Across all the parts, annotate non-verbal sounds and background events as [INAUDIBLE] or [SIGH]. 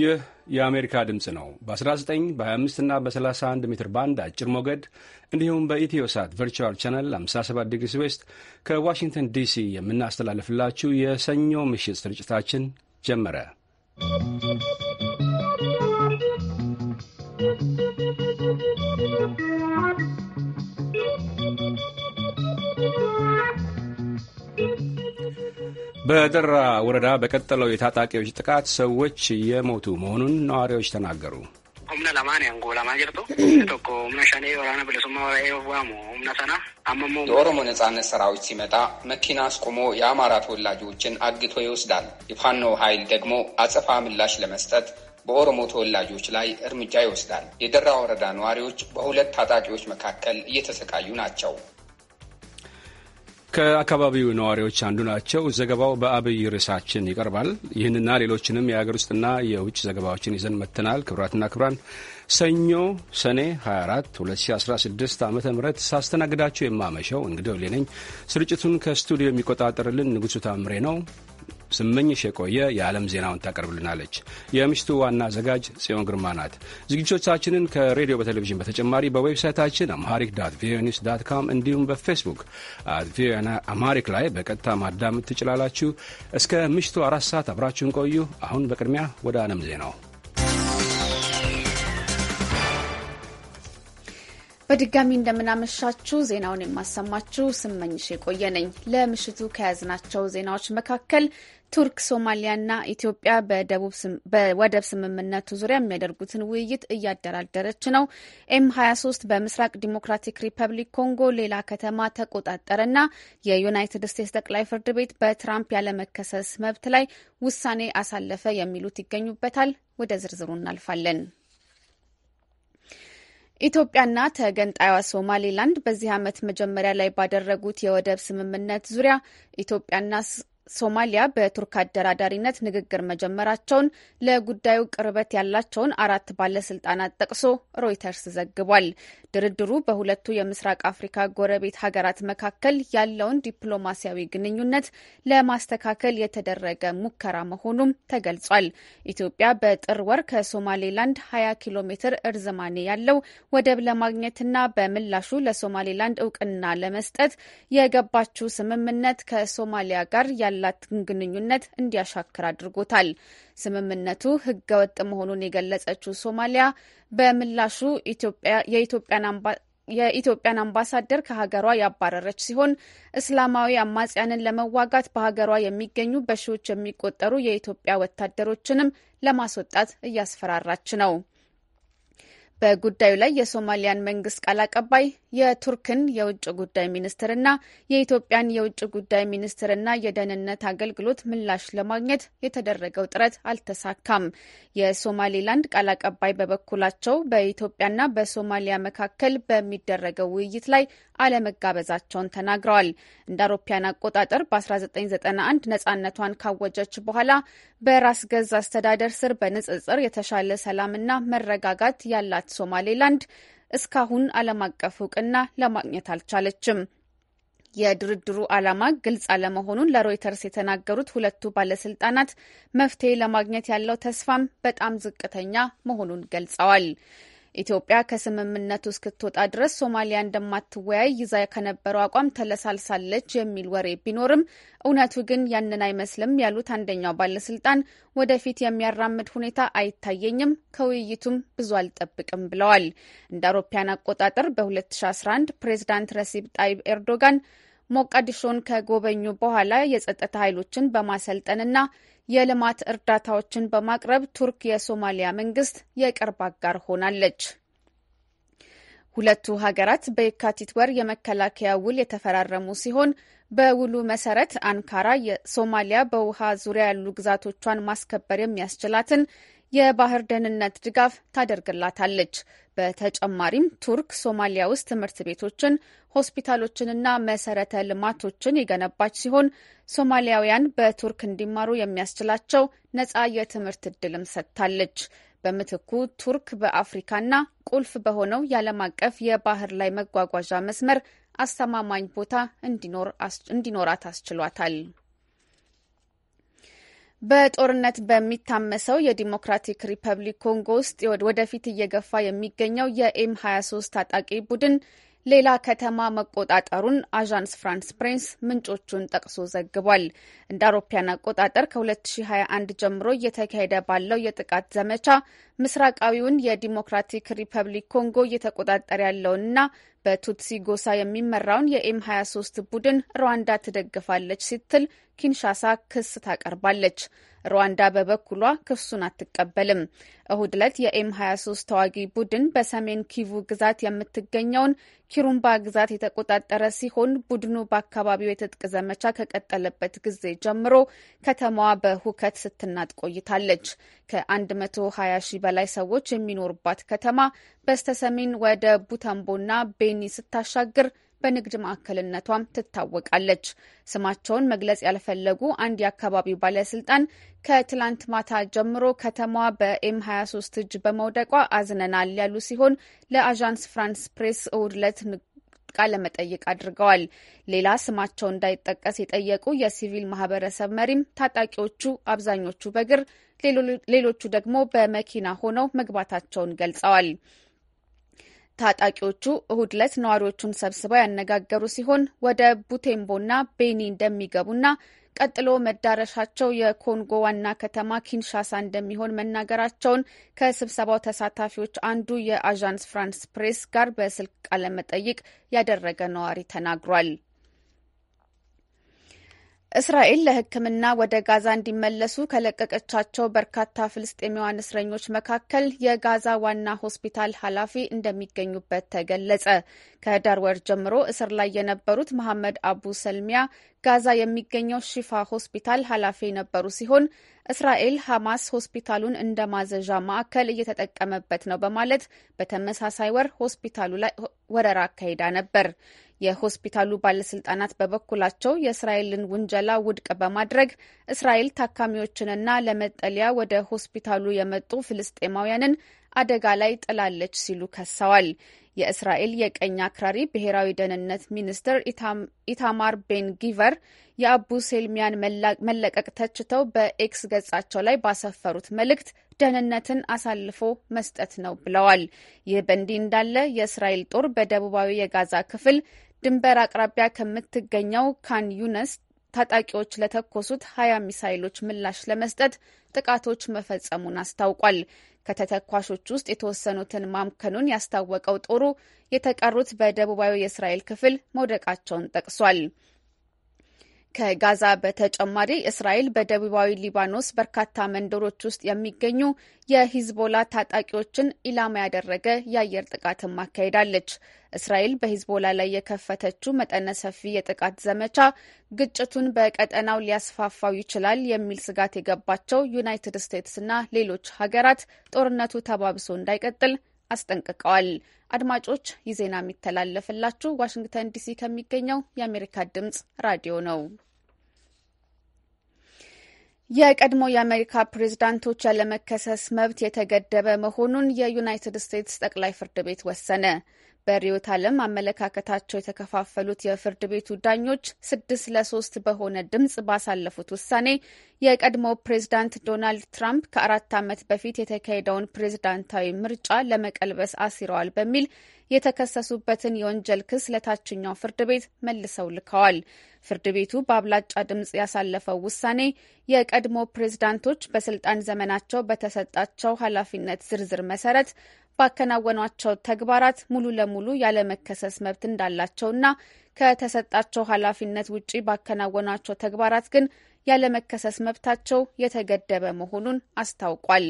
ይህ የአሜሪካ ድምፅ ነው። በ19 በ25 እና በ31 ሜትር ባንድ አጭር ሞገድ እንዲሁም በኢትዮሳት ቨርቹዋል ቻናል 57 ዲግሪ ስዌስት ከዋሽንግተን ዲሲ የምናስተላልፍላችሁ የሰኞ ምሽት ስርጭታችን ጀመረ። በደራ ወረዳ በቀጠለው የታጣቂዎች ጥቃት ሰዎች የሞቱ መሆኑን ነዋሪዎች ተናገሩ። ሁምና ለማን ያንጎላማ ጀርቶ ቶኮ ሁምና ሸኔ ወራነ ብለሱማ ወራኤ ዋሞ ሰና አመሞ የኦሮሞ ነጻነት ሰራዊት ሲመጣ መኪና አስቁሞ የአማራ ተወላጆችን አግቶ ይወስዳል። የፋኖ ኃይል ደግሞ አጸፋ ምላሽ ለመስጠት በኦሮሞ ተወላጆች ላይ እርምጃ ይወስዳል። የደራ ወረዳ ነዋሪዎች በሁለት ታጣቂዎች መካከል እየተሰቃዩ ናቸው። ከአካባቢው ነዋሪዎች አንዱ ናቸው። ዘገባው በአብይ ርዕሳችን ይቀርባል። ይህንና ሌሎችንም የአገር ውስጥና የውጭ ዘገባዎችን ይዘን መጥተናል። ክብራትና ክብራን ሰኞ ሰኔ 24 2016 ዓ ም ሳስተናግዳችሁ የማመሸው እንግዲህ ሌነኝ ስርጭቱን ከስቱዲዮ የሚቆጣጠርልን ንጉሡ ታምሬ ነው። ስመኝሽ የቆየ የዓለም ዜናውን ታቀርብልናለች። የምሽቱ ዋና አዘጋጅ ጽዮን ግርማ ናት። ዝግጅቶቻችንን ከሬዲዮ በቴሌቪዥን በተጨማሪ በዌብሳይታችን አምሃሪክ ዳት ቪኦኤ ኒውስ ዳት ካም እንዲሁም በፌስቡክ አት ቪኦኤ ላይ በቀጥታ ማዳመጥ ትችላላችሁ። እስከ ምሽቱ አራት ሰዓት አብራችሁን ቆዩ። አሁን በቅድሚያ ወደ ዓለም ዜናው በድጋሚ እንደምናመሻችሁ ዜናውን የማሰማችሁ ስመኝሽ የቆየ ነኝ። ለምሽቱ ከያዝናቸው ዜናዎች መካከል ቱርክ፣ ሶማሊያና ኢትዮጵያ በወደብ ስምምነቱ ዙሪያ የሚያደርጉትን ውይይት እያደራደረች ነው። ኤም 23 በምስራቅ ዲሞክራቲክ ሪፐብሊክ ኮንጎ ሌላ ከተማ ተቆጣጠረና የዩናይትድ ስቴትስ ጠቅላይ ፍርድ ቤት በትራምፕ ያለመከሰስ መብት ላይ ውሳኔ አሳለፈ የሚሉት ይገኙበታል። ወደ ዝርዝሩ እናልፋለን። ኢትዮጵያና ተገንጣይዋ ሶማሌላንድ በዚህ ዓመት መጀመሪያ ላይ ባደረጉት የወደብ ስምምነት ዙሪያ ኢትዮጵያና ሶማሊያ በቱርክ አደራዳሪነት ንግግር መጀመራቸውን ለጉዳዩ ቅርበት ያላቸውን አራት ባለስልጣናት ጠቅሶ ሮይተርስ ዘግቧል። ድርድሩ በሁለቱ የምስራቅ አፍሪካ ጎረቤት ሀገራት መካከል ያለውን ዲፕሎማሲያዊ ግንኙነት ለማስተካከል የተደረገ ሙከራ መሆኑም ተገልጿል። ኢትዮጵያ በጥር ወር ከሶማሌላንድ 20 ኪሎ ሜትር እርዝማኔ ያለው ወደብ ለማግኘትና በምላሹ ለሶማሌላንድ እውቅና ለመስጠት የገባችው ስምምነት ከሶማሊያ ጋር ያለ ያላትን ግንኙነት እንዲያሻክር አድርጎታል። ስምምነቱ ህገወጥ መሆኑን የገለጸችው ሶማሊያ በምላሹ የኢትዮጵያን አምባሳደር ከሀገሯ ያባረረች ሲሆን እስላማዊ አማጽያንን ለመዋጋት በሀገሯ የሚገኙ በሺዎች የሚቆጠሩ የኢትዮጵያ ወታደሮችንም ለማስወጣት እያስፈራራች ነው። በጉዳዩ ላይ የሶማሊያን መንግስት ቃል አቀባይ የቱርክን የውጭ ጉዳይ ሚኒስትርና የኢትዮጵያን የውጭ ጉዳይ ሚኒስትርና የደህንነት አገልግሎት ምላሽ ለማግኘት የተደረገው ጥረት አልተሳካም። የሶማሌላንድ ቃል አቀባይ በበኩላቸው በኢትዮጵያና በሶማሊያ መካከል በሚደረገው ውይይት ላይ አለመጋበዛቸውን ተናግረዋል። እንደ አውሮፓያን አቆጣጠር በ1991 ነጻነቷን ካወጀች በኋላ በራስ ገዝ አስተዳደር ስር በንጽጽር የተሻለ ሰላምና መረጋጋት ያላት ሶማሌላንድ እስካሁን ዓለም አቀፍ እውቅና ለማግኘት አልቻለችም። የድርድሩ ዓላማ ግልጽ አለመሆኑን ለሮይተርስ የተናገሩት ሁለቱ ባለስልጣናት መፍትሄ ለማግኘት ያለው ተስፋም በጣም ዝቅተኛ መሆኑን ገልጸዋል። ኢትዮጵያ ከስምምነቱ እስክትወጣ ድረስ ሶማሊያ እንደማትወያይ ይዛ ከነበረው አቋም ተለሳልሳለች የሚል ወሬ ቢኖርም እውነቱ ግን ያንን አይመስልም ያሉት አንደኛው ባለስልጣን ወደፊት የሚያራምድ ሁኔታ አይታየኝም፣ ከውይይቱም ብዙ አልጠብቅም ብለዋል። እንደ አውሮፓያን አቆጣጠር በ2011 ፕሬዚዳንት ረሲብ ጣይብ ኤርዶጋን ሞቃዲሾን ከጎበኙ በኋላ የጸጥታ ኃይሎችን በማሰልጠንና የልማት እርዳታዎችን በማቅረብ ቱርክ የሶማሊያ መንግስት የቅርብ አጋር ሆናለች። ሁለቱ ሀገራት በየካቲት ወር የመከላከያ ውል የተፈራረሙ ሲሆን በውሉ መሰረት አንካራ የሶማሊያ በውሃ ዙሪያ ያሉ ግዛቶቿን ማስከበር የሚያስችላትን የባህር ደህንነት ድጋፍ ታደርግላታለች። በተጨማሪም ቱርክ ሶማሊያ ውስጥ ትምህርት ቤቶችን፣ ሆስፒታሎችንና መሰረተ ልማቶችን የገነባች ሲሆን ሶማሊያውያን በቱርክ እንዲማሩ የሚያስችላቸው ነጻ የትምህርት እድልም ሰጥታለች። በምትኩ ቱርክ በአፍሪካና ቁልፍ በሆነው የዓለም አቀፍ የባህር ላይ መጓጓዣ መስመር አስተማማኝ ቦታ እንዲኖራት አስችሏታል። በጦርነት በሚታመሰው የዲሞክራቲክ ሪፐብሊክ ኮንጎ ውስጥ ወደፊት እየገፋ የሚገኘው የኤም 23 ታጣቂ ቡድን ሌላ ከተማ መቆጣጠሩን አዣንስ ፍራንስ ፕሬንስ ምንጮቹን ጠቅሶ ዘግቧል። እንደ አውሮፓያን አቆጣጠር ከ2021 ጀምሮ እየተካሄደ ባለው የጥቃት ዘመቻ ምስራቃዊውን የዲሞክራቲክ ሪፐብሊክ ኮንጎ እየተቆጣጠረ ያለውንና በቱትሲ ጎሳ የሚመራውን የኤም 23 ቡድን ሩዋንዳ ትደግፋለች ስትል ኪንሻሳ ክስ ታቀርባለች። ሩዋንዳ በበኩሏ ክሱን አትቀበልም። እሁድ ዕለት የኤም 23 ተዋጊ ቡድን በሰሜን ኪቩ ግዛት የምትገኘውን ኪሩምባ ግዛት የተቆጣጠረ ሲሆን ቡድኑ በአካባቢው የትጥቅ ዘመቻ ከቀጠለበት ጊዜ ጀምሮ ከተማዋ በሁከት ስትናጥ ቆይታለች። ከ120 ሺህ በላይ ሰዎች የሚኖሩባት ከተማ በስተሰሜን ወደ ቡተምቦና ቤኒ ስታሻግር በንግድ ማዕከልነቷም ትታወቃለች። ስማቸውን መግለጽ ያልፈለጉ አንድ የአካባቢው ባለስልጣን ከትላንት ማታ ጀምሮ ከተማዋ በኤም 23 እጅ በመውደቋ አዝነናል ያሉ ሲሆን ለአዣንስ ፍራንስ ፕሬስ እሁድ ዕለት ቃለ መጠይቅ አድርገዋል። ሌላ ስማቸው እንዳይጠቀስ የጠየቁ የሲቪል ማህበረሰብ መሪም ታጣቂዎቹ አብዛኞቹ በግር ሌሎቹ ደግሞ በመኪና ሆነው መግባታቸውን ገልጸዋል። ታጣቂዎቹ እሁድ ዕለት ነዋሪዎቹን ሰብስበው ያነጋገሩ ሲሆን ወደ ቡቴምቦና ቤኒ እንደሚገቡና ቀጥሎ መዳረሻቸው የኮንጎ ዋና ከተማ ኪንሻሳ እንደሚሆን መናገራቸውን ከስብሰባው ተሳታፊዎች አንዱ የአዣንስ ፍራንስ ፕሬስ ጋር በስልክ ቃለመጠይቅ ያደረገ ነዋሪ ተናግሯል። እስራኤል ለሕክምና ወደ ጋዛ እንዲመለሱ ከለቀቀቻቸው በርካታ ፍልስጤማውያን እስረኞች መካከል የጋዛ ዋና ሆስፒታል ኃላፊ እንደሚገኙበት ተገለጸ። ከህዳር ወር ጀምሮ እስር ላይ የነበሩት መሐመድ አቡ ሰልሚያ ጋዛ የሚገኘው ሺፋ ሆስፒታል ኃላፊ የነበሩ ሲሆን እስራኤል ሐማስ ሆስፒታሉን እንደ ማዘዣ ማዕከል እየተጠቀመበት ነው በማለት በተመሳሳይ ወር ሆስፒታሉ ላይ ወረራ አካሂዳ ነበር። የሆስፒታሉ ባለስልጣናት በበኩላቸው የእስራኤልን ውንጀላ ውድቅ በማድረግ እስራኤል ታካሚዎችንና ለመጠለያ ወደ ሆስፒታሉ የመጡ ፍልስጤማውያንን አደጋ ላይ ጥላለች ሲሉ ከሰዋል። የእስራኤል የቀኝ አክራሪ ብሔራዊ ደህንነት ሚኒስትር ኢታማር ቤን ጊቨር የአቡ ሴልሚያን መለቀቅ ተችተው በኤክስ ገጻቸው ላይ ባሰፈሩት መልእክት ደህንነትን አሳልፎ መስጠት ነው ብለዋል። ይህ በእንዲህ እንዳለ የእስራኤል ጦር በደቡባዊ የጋዛ ክፍል ድንበር አቅራቢያ ከምትገኘው ካን ዩነስ ታጣቂዎች ለተኮሱት ሀያ ሚሳይሎች ምላሽ ለመስጠት ጥቃቶች መፈጸሙን አስታውቋል። ከተተኳሾች ውስጥ የተወሰኑትን ማምከኑን ያስታወቀው ጦሩ የተቀሩት በደቡባዊ የእስራኤል ክፍል መውደቃቸውን ጠቅሷል። ከጋዛ በተጨማሪ እስራኤል በደቡባዊ ሊባኖስ በርካታ መንደሮች ውስጥ የሚገኙ የሂዝቦላ ታጣቂዎችን ኢላማ ያደረገ የአየር ጥቃትን ማካሄዳለች። እስራኤል በሂዝቦላ ላይ የከፈተችው መጠነ ሰፊ የጥቃት ዘመቻ ግጭቱን በቀጠናው ሊያስፋፋው ይችላል የሚል ስጋት የገባቸው ዩናይትድ ስቴትስ እና ሌሎች ሀገራት ጦርነቱ ተባብሶ እንዳይቀጥል አስጠንቅቀዋል። አድማጮች ይህ ዜና የሚተላለፍላችሁ ዋሽንግተን ዲሲ ከሚገኘው የአሜሪካ ድምጽ ራዲዮ ነው። የቀድሞ የአሜሪካ ፕሬዝዳንቶች ያለመከሰስ መብት የተገደበ መሆኑን የዩናይትድ ስቴትስ ጠቅላይ ፍርድ ቤት ወሰነ። በርዕዮተ ዓለም አመለካከታቸው የተከፋፈሉት የፍርድ ቤቱ ዳኞች ስድስት ለሶስት በሆነ ድምጽ ባሳለፉት ውሳኔ የቀድሞው ፕሬዝዳንት ዶናልድ ትራምፕ ከአራት ዓመት በፊት የተካሄደውን ፕሬዝዳንታዊ ምርጫ ለመቀልበስ አሲረዋል በሚል የተከሰሱበትን የወንጀል ክስ ለታችኛው ፍርድ ቤት መልሰው ልከዋል። ፍርድ ቤቱ በአብላጫ ድምፅ ያሳለፈው ውሳኔ የቀድሞ ፕሬዝዳንቶች በስልጣን ዘመናቸው በተሰጣቸው ኃላፊነት ዝርዝር መሰረት ባከናወኗቸው ተግባራት ሙሉ ለሙሉ ያለመከሰስ መብት እንዳላቸውና ከተሰጣቸው ኃላፊነት ውጪ ባከናወኗቸው ተግባራት ግን ያለመከሰስ መብታቸው የተገደበ መሆኑን አስታውቋል።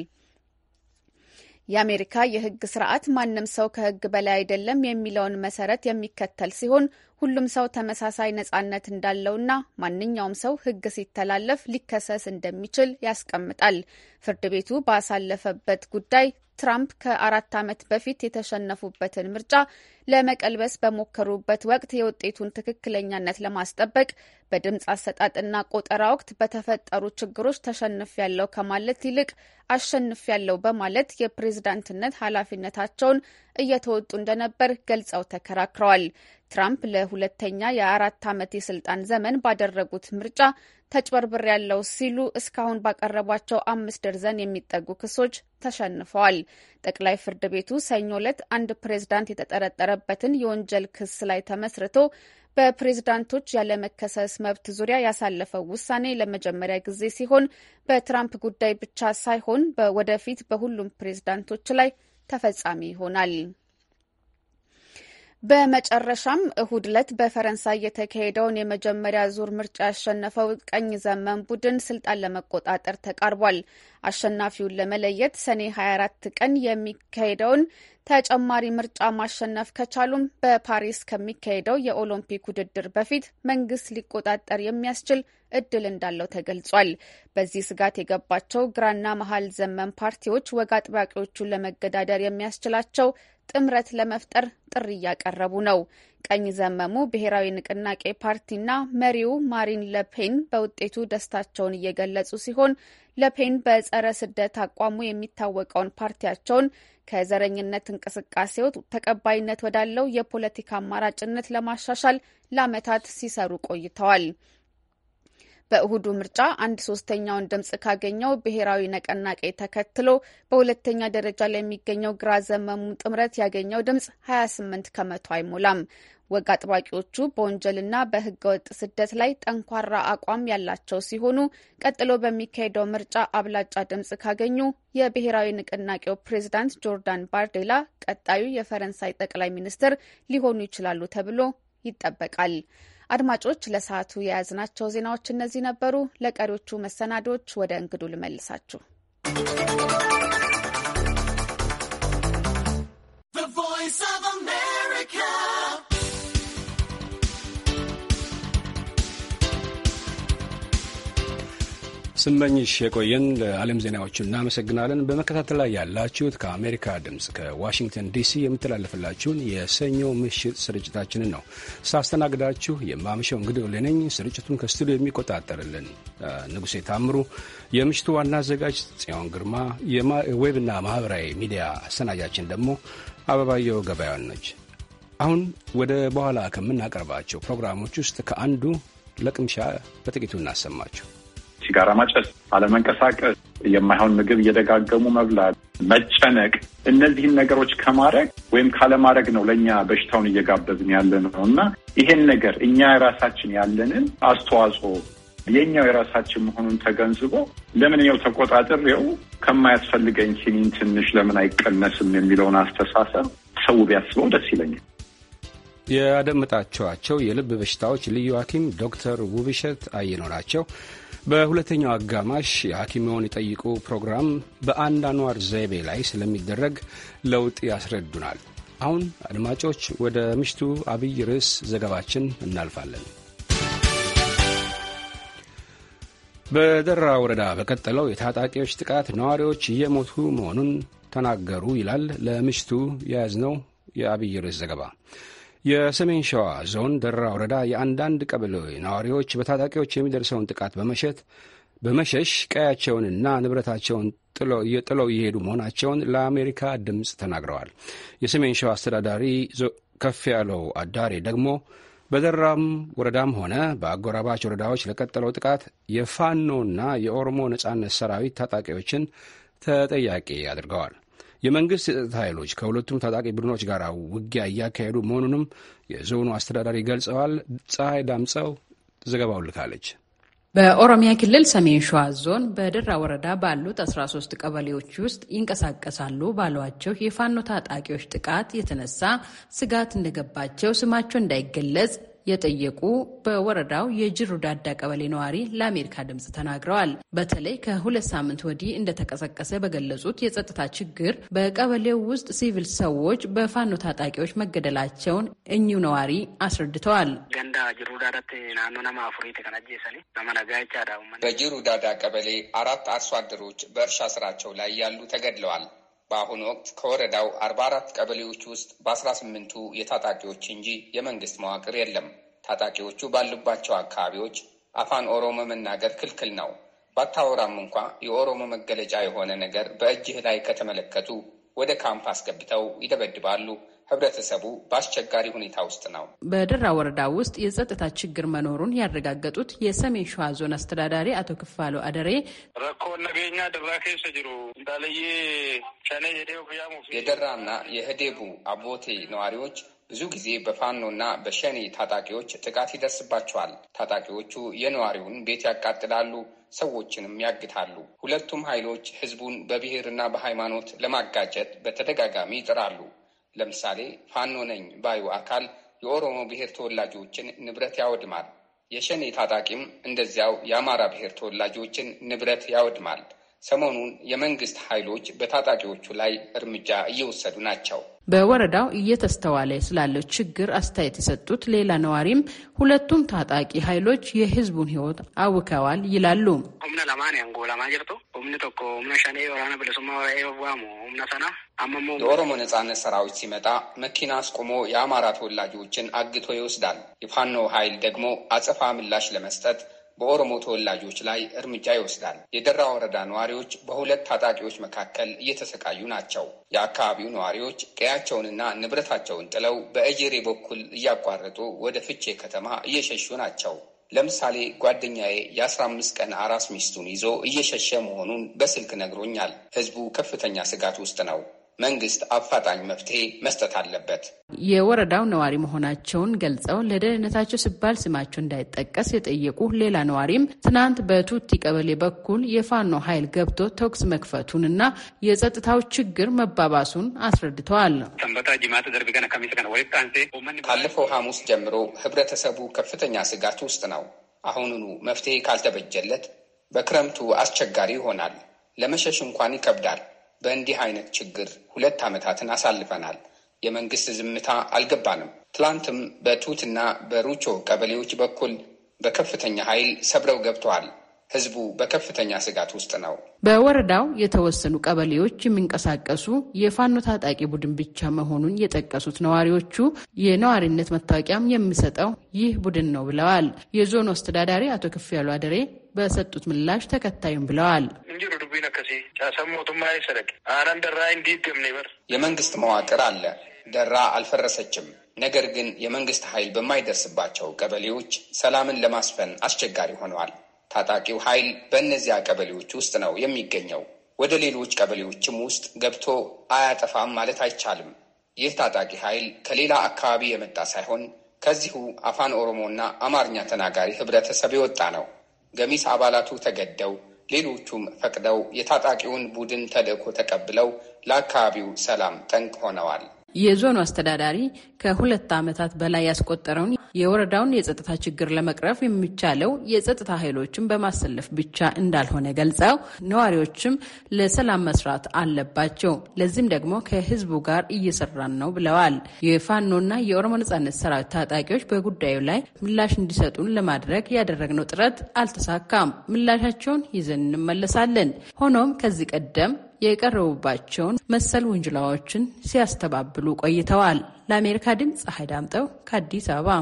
የአሜሪካ የሕግ ስርዓት ማንም ሰው ከሕግ በላይ አይደለም የሚለውን መሰረት የሚከተል ሲሆን ሁሉም ሰው ተመሳሳይ ነጻነት እንዳለውና ማንኛውም ሰው ሕግ ሲተላለፍ ሊከሰስ እንደሚችል ያስቀምጣል። ፍርድ ቤቱ ባሳለፈበት ጉዳይ ትራምፕ ከአራት ዓመት በፊት የተሸነፉበትን ምርጫ ለመቀልበስ በሞከሩበት ወቅት የውጤቱን ትክክለኛነት ለማስጠበቅ በድምፅ አሰጣጥና ቆጠራ ወቅት በተፈጠሩ ችግሮች ተሸንፍ ያለው ከማለት ይልቅ አሸንፍ ያለው በማለት የፕሬዝዳንትነት ኃላፊነታቸውን እየተወጡ እንደነበር ገልጸው ተከራክረዋል። ትራምፕ ለሁለተኛ የአራት ዓመት የስልጣን ዘመን ባደረጉት ምርጫ ተጭበርብር ያለው ሲሉ እስካሁን ባቀረቧቸው አምስት ደርዘን የሚጠጉ ክሶች ተሸንፈዋል። ጠቅላይ ፍርድ ቤቱ ሰኞ ዕለት አንድ ፕሬዝዳንት የተጠረጠረበትን የወንጀል ክስ ላይ ተመስርቶ በፕሬዝዳንቶች ያለመከሰስ መብት ዙሪያ ያሳለፈው ውሳኔ ለመጀመሪያ ጊዜ ሲሆን በትራምፕ ጉዳይ ብቻ ሳይሆን ወደፊት በሁሉም ፕሬዝዳንቶች ላይ ተፈጻሚ ይሆናል። በመጨረሻም እሁድ ዕለት በፈረንሳይ የተካሄደውን የመጀመሪያ ዙር ምርጫ ያሸነፈው ቀኝ ዘመን ቡድን ስልጣን ለመቆጣጠር ተቃርቧል። አሸናፊውን ለመለየት ሰኔ 24 ቀን የሚካሄደውን ተጨማሪ ምርጫ ማሸነፍ ከቻሉም በፓሪስ ከሚካሄደው የኦሎምፒክ ውድድር በፊት መንግስት ሊቆጣጠር የሚያስችል እድል እንዳለው ተገልጿል። በዚህ ስጋት የገባቸው ግራና መሀል ዘመን ፓርቲዎች ወግ አጥባቂዎቹን ለመገዳደር የሚያስችላቸው ጥምረት ለመፍጠር ጥሪ እያቀረቡ ነው። ቀኝ ዘመሙ ብሔራዊ ንቅናቄ ፓርቲና መሪው ማሪን ለፔን በውጤቱ ደስታቸውን እየገለጹ ሲሆን ለፔን በጸረ ስደት አቋሙ የሚታወቀውን ፓርቲያቸውን ከዘረኝነት እንቅስቃሴው ተቀባይነት ወዳለው የፖለቲካ አማራጭነት ለማሻሻል ለዓመታት ሲሰሩ ቆይተዋል። በእሁዱ ምርጫ አንድ ሶስተኛውን ድምፅ ካገኘው ብሔራዊ ንቅናቄ ተከትሎ በሁለተኛ ደረጃ ላይ የሚገኘው ግራ ዘመሙ ጥምረት ያገኘው ድምፅ 28 ከመቶ አይሞላም። ወግ አጥባቂዎቹ በወንጀልና በሕገወጥ ስደት ላይ ጠንኳራ አቋም ያላቸው ሲሆኑ ቀጥሎ በሚካሄደው ምርጫ አብላጫ ድምፅ ካገኙ የብሔራዊ ንቅናቄው ፕሬዝዳንት ጆርዳን ባርዴላ ቀጣዩ የፈረንሳይ ጠቅላይ ሚኒስትር ሊሆኑ ይችላሉ ተብሎ ይጠበቃል። አድማጮች ለሰዓቱ የያዝናቸው ዜናዎች እነዚህ ነበሩ። ለቀሪዎቹ መሰናዶዎች ወደ እንግዱ ልመልሳችሁ። ስመኝሽ የቆየን ለዓለም ዜናዎቹ እናመሰግናለን። በመከታተል ላይ ያላችሁት ከአሜሪካ ድምፅ ከዋሽንግተን ዲሲ የምተላለፍላችሁን የሰኞ ምሽት ስርጭታችንን ነው። ሳስተናግዳችሁ የማምሸው እንግዲህ ሌነኝ። ስርጭቱን ከስቱዲዮ የሚቆጣጠርልን ንጉሴ ታምሩ፣ የምሽቱ ዋና አዘጋጅ ጽዮን ግርማ፣ የዌብና ማህበራዊ ሚዲያ አሰናጃችን ደግሞ አበባየው ገበያን ነች። አሁን ወደ በኋላ ከምናቀርባቸው ፕሮግራሞች ውስጥ ከአንዱ ለቅምሻ በጥቂቱ እናሰማችሁ። ሲጋራ ማጨስ፣ አለመንቀሳቀስ፣ የማይሆን ምግብ እየደጋገሙ መብላት፣ መጨነቅ፣ እነዚህን ነገሮች ከማድረግ ወይም ካለማድረግ ነው ለእኛ በሽታውን እየጋበዝን ያለ ነው እና ይሄን ነገር እኛ የራሳችን ያለንን አስተዋጽኦ የኛው የራሳችን መሆኑን ተገንዝቦ ለምን ኛው ተቆጣጥሬው ከማያስፈልገኝ ኪኒን ትንሽ ለምን አይቀነስም የሚለውን አስተሳሰብ ሰው ቢያስበው ደስ ይለኛል። ያደመጣችኋቸው የልብ በሽታዎች ልዩ ሐኪም ዶክተር ውብሸት አየኖ ናቸው። በሁለተኛው አጋማሽ የሐኪምዎን ይጠይቁ ፕሮግራም በአንድ አኗር ዘይቤ ላይ ስለሚደረግ ለውጥ ያስረዱናል። አሁን አድማጮች ወደ ምሽቱ አብይ ርዕስ ዘገባችን እናልፋለን። በደራ ወረዳ በቀጠለው የታጣቂዎች ጥቃት ነዋሪዎች እየሞቱ መሆኑን ተናገሩ ይላል ለምሽቱ የያዝነው የአብይ ርዕስ ዘገባ። የሰሜን ሸዋ ዞን ደራ ወረዳ የአንዳንድ ቀበሌ ነዋሪዎች በታጣቂዎች የሚደርሰውን ጥቃት በመሸት በመሸሽ ቀያቸውንና ንብረታቸውን ጥለው እየሄዱ መሆናቸውን ለአሜሪካ ድምፅ ተናግረዋል። የሰሜን ሸዋ አስተዳዳሪ ከፍ ያለው አዳሬ ደግሞ በደራም ወረዳም ሆነ በአጎራባች ወረዳዎች ለቀጠለው ጥቃት የፋኖና የኦሮሞ ነጻነት ሰራዊት ታጣቂዎችን ተጠያቂ አድርገዋል። የመንግስት የጸጥታ ኃይሎች ከሁለቱም ታጣቂ ቡድኖች ጋር ውጊያ እያካሄዱ መሆኑንም የዞኑ አስተዳዳሪ ገልጸዋል። ፀሐይ ዳምጸው ዘገባው ልካለች። በኦሮሚያ ክልል ሰሜን ሸዋ ዞን በደራ ወረዳ ባሉት 13 ቀበሌዎች ውስጥ ይንቀሳቀሳሉ ባሏቸው የፋኖ ታጣቂዎች ጥቃት የተነሳ ስጋት እንደገባቸው ስማቸው እንዳይገለጽ የጠየቁ በወረዳው የጅሩ ዳዳ ቀበሌ ነዋሪ ለአሜሪካ ድምፅ ተናግረዋል። በተለይ ከሁለት ሳምንት ወዲህ እንደተቀሰቀሰ በገለጹት የጸጥታ ችግር በቀበሌው ውስጥ ሲቪል ሰዎች በፋኖ ታጣቂዎች መገደላቸውን እኚሁ ነዋሪ አስረድተዋል። በጅሩ ዳዳ ቀበሌ አራት አርሶ አደሮች በእርሻ ስራቸው ላይ ያሉ ተገድለዋል። በአሁኑ ወቅት ከወረዳው አርባ አራት ቀበሌዎች ውስጥ በአስራ ስምንቱ የታጣቂዎች እንጂ የመንግስት መዋቅር የለም። ታጣቂዎቹ ባሉባቸው አካባቢዎች አፋን ኦሮሞ መናገር ክልክል ነው። ባታወራም እንኳ የኦሮሞ መገለጫ የሆነ ነገር በእጅህ ላይ ከተመለከቱ ወደ ካምፕ አስገብተው ይደበድባሉ። ህብረተሰቡ በአስቸጋሪ ሁኔታ ውስጥ ነው። በደራ ወረዳ ውስጥ የጸጥታ ችግር መኖሩን ያረጋገጡት የሰሜን ሸዋ ዞን አስተዳዳሪ አቶ ክፋሎ አደሬ ረኮ ነገኛ ደራ ከሰ ጅሩ እንዳለየ ሸነ የደራና የህዴቡ አቦቴ ነዋሪዎች ብዙ ጊዜ በፋኖና በሸኔ ታጣቂዎች ጥቃት ይደርስባቸዋል። ታጣቂዎቹ የነዋሪውን ቤት ያቃጥላሉ። ሰዎችንም ያግታሉ። ሁለቱም ኃይሎች ህዝቡን በብሔርና በሃይማኖት ለማጋጨት በተደጋጋሚ ይጥራሉ። ለምሳሌ ፋኖ ነኝ ባዩ አካል የኦሮሞ ብሔር ተወላጆችን ንብረት ያወድማል። የሸኔ ታጣቂም እንደዚያው የአማራ ብሔር ተወላጆችን ንብረት ያወድማል። ሰሞኑን የመንግስት ኃይሎች በታጣቂዎቹ ላይ እርምጃ እየወሰዱ ናቸው። በወረዳው እየተስተዋለ ስላለው ችግር አስተያየት የሰጡት ሌላ ነዋሪም ሁለቱም ታጣቂ ኃይሎች የህዝቡን ህይወት አውከዋል ይላሉ። የኦሮሞ ነጻነት ሰራዊት ሲመጣ መኪና አስቁሞ የአማራ ተወላጆችን አግቶ ይወስዳል። የፋኖ ኃይል ደግሞ አጸፋ ምላሽ ለመስጠት በኦሮሞ ተወላጆች ላይ እርምጃ ይወስዳል። የደራ ወረዳ ነዋሪዎች በሁለት ታጣቂዎች መካከል እየተሰቃዩ ናቸው። የአካባቢው ነዋሪዎች ቀያቸውንና ንብረታቸውን ጥለው በእጅሬ በኩል እያቋረጡ ወደ ፍቼ ከተማ እየሸሹ ናቸው። ለምሳሌ ጓደኛዬ የአስራ አምስት ቀን አራስ ሚስቱን ይዞ እየሸሸ መሆኑን በስልክ ነግሮኛል። ህዝቡ ከፍተኛ ስጋት ውስጥ ነው። መንግስት አፋጣኝ መፍትሄ መስጠት አለበት። የወረዳው ነዋሪ መሆናቸውን ገልጸው ለደህንነታቸው ሲባል ስማቸው እንዳይጠቀስ የጠየቁ ሌላ ነዋሪም ትናንት በቱቲ ቀበሌ በኩል የፋኖ ኃይል ገብቶ ተኩስ መክፈቱን እና የጸጥታው ችግር መባባሱን አስረድተዋል። ካለፈው ሐሙስ ጀምሮ ህብረተሰቡ ከፍተኛ ስጋት ውስጥ ነው። አሁኑኑ መፍትሄ ካልተበጀለት በክረምቱ አስቸጋሪ ይሆናል። ለመሸሽ እንኳን ይከብዳል። በእንዲህ አይነት ችግር ሁለት ዓመታትን አሳልፈናል። የመንግስት ዝምታ አልገባንም። ትላንትም በቱትና በሩቾ ቀበሌዎች በኩል በከፍተኛ ኃይል ሰብረው ገብተዋል። ህዝቡ በከፍተኛ ስጋት ውስጥ ነው። በወረዳው የተወሰኑ ቀበሌዎች የሚንቀሳቀሱ የፋኖ ታጣቂ ቡድን ብቻ መሆኑን የጠቀሱት ነዋሪዎቹ የነዋሪነት መታወቂያም የሚሰጠው ይህ ቡድን ነው ብለዋል። የዞኑ አስተዳዳሪ አቶ ክፍያሉ አደሬ በሰጡት ምላሽ ተከታዩም ብለዋል። የመንግስት መዋቅር አለ። ደራ አልፈረሰችም። ነገር ግን የመንግስት ኃይል በማይደርስባቸው ቀበሌዎች ሰላምን ለማስፈን አስቸጋሪ ሆነዋል። ታጣቂው ኃይል በእነዚያ ቀበሌዎች ውስጥ ነው የሚገኘው። ወደ ሌሎች ቀበሌዎችም ውስጥ ገብቶ አያጠፋም ማለት አይቻልም። ይህ ታጣቂ ኃይል ከሌላ አካባቢ የመጣ ሳይሆን ከዚሁ አፋን ኦሮሞና አማርኛ ተናጋሪ ህብረተሰብ የወጣ ነው። ገሚስ አባላቱ ተገደው ሌሎቹም ፈቅደው የታጣቂውን ቡድን ተልዕኮ ተቀብለው ለአካባቢው ሰላም ጠንቅ ሆነዋል። የዞኑ አስተዳዳሪ ከሁለት ዓመታት በላይ ያስቆጠረውን የወረዳውን የጸጥታ ችግር ለመቅረፍ የሚቻለው የጸጥታ ኃይሎችን በማሰለፍ ብቻ እንዳልሆነ ገልጸው ነዋሪዎችም ለሰላም መስራት አለባቸው፣ ለዚህም ደግሞ ከህዝቡ ጋር እየሰራን ነው ብለዋል። የፋኖና የኦሮሞ ነጻነት ሰራዊት ታጣቂዎች በጉዳዩ ላይ ምላሽ እንዲሰጡን ለማድረግ ያደረግነው ጥረት አልተሳካም። ምላሻቸውን ይዘን እንመለሳለን። ሆኖም ከዚህ ቀደም የቀረቡባቸውን መሰል ውንጀላዎችን ሲያስተባብሉ ቆይተዋል። ለአሜሪካ ድምፅ ፀሐይ ዳምጠው ከአዲስ አበባ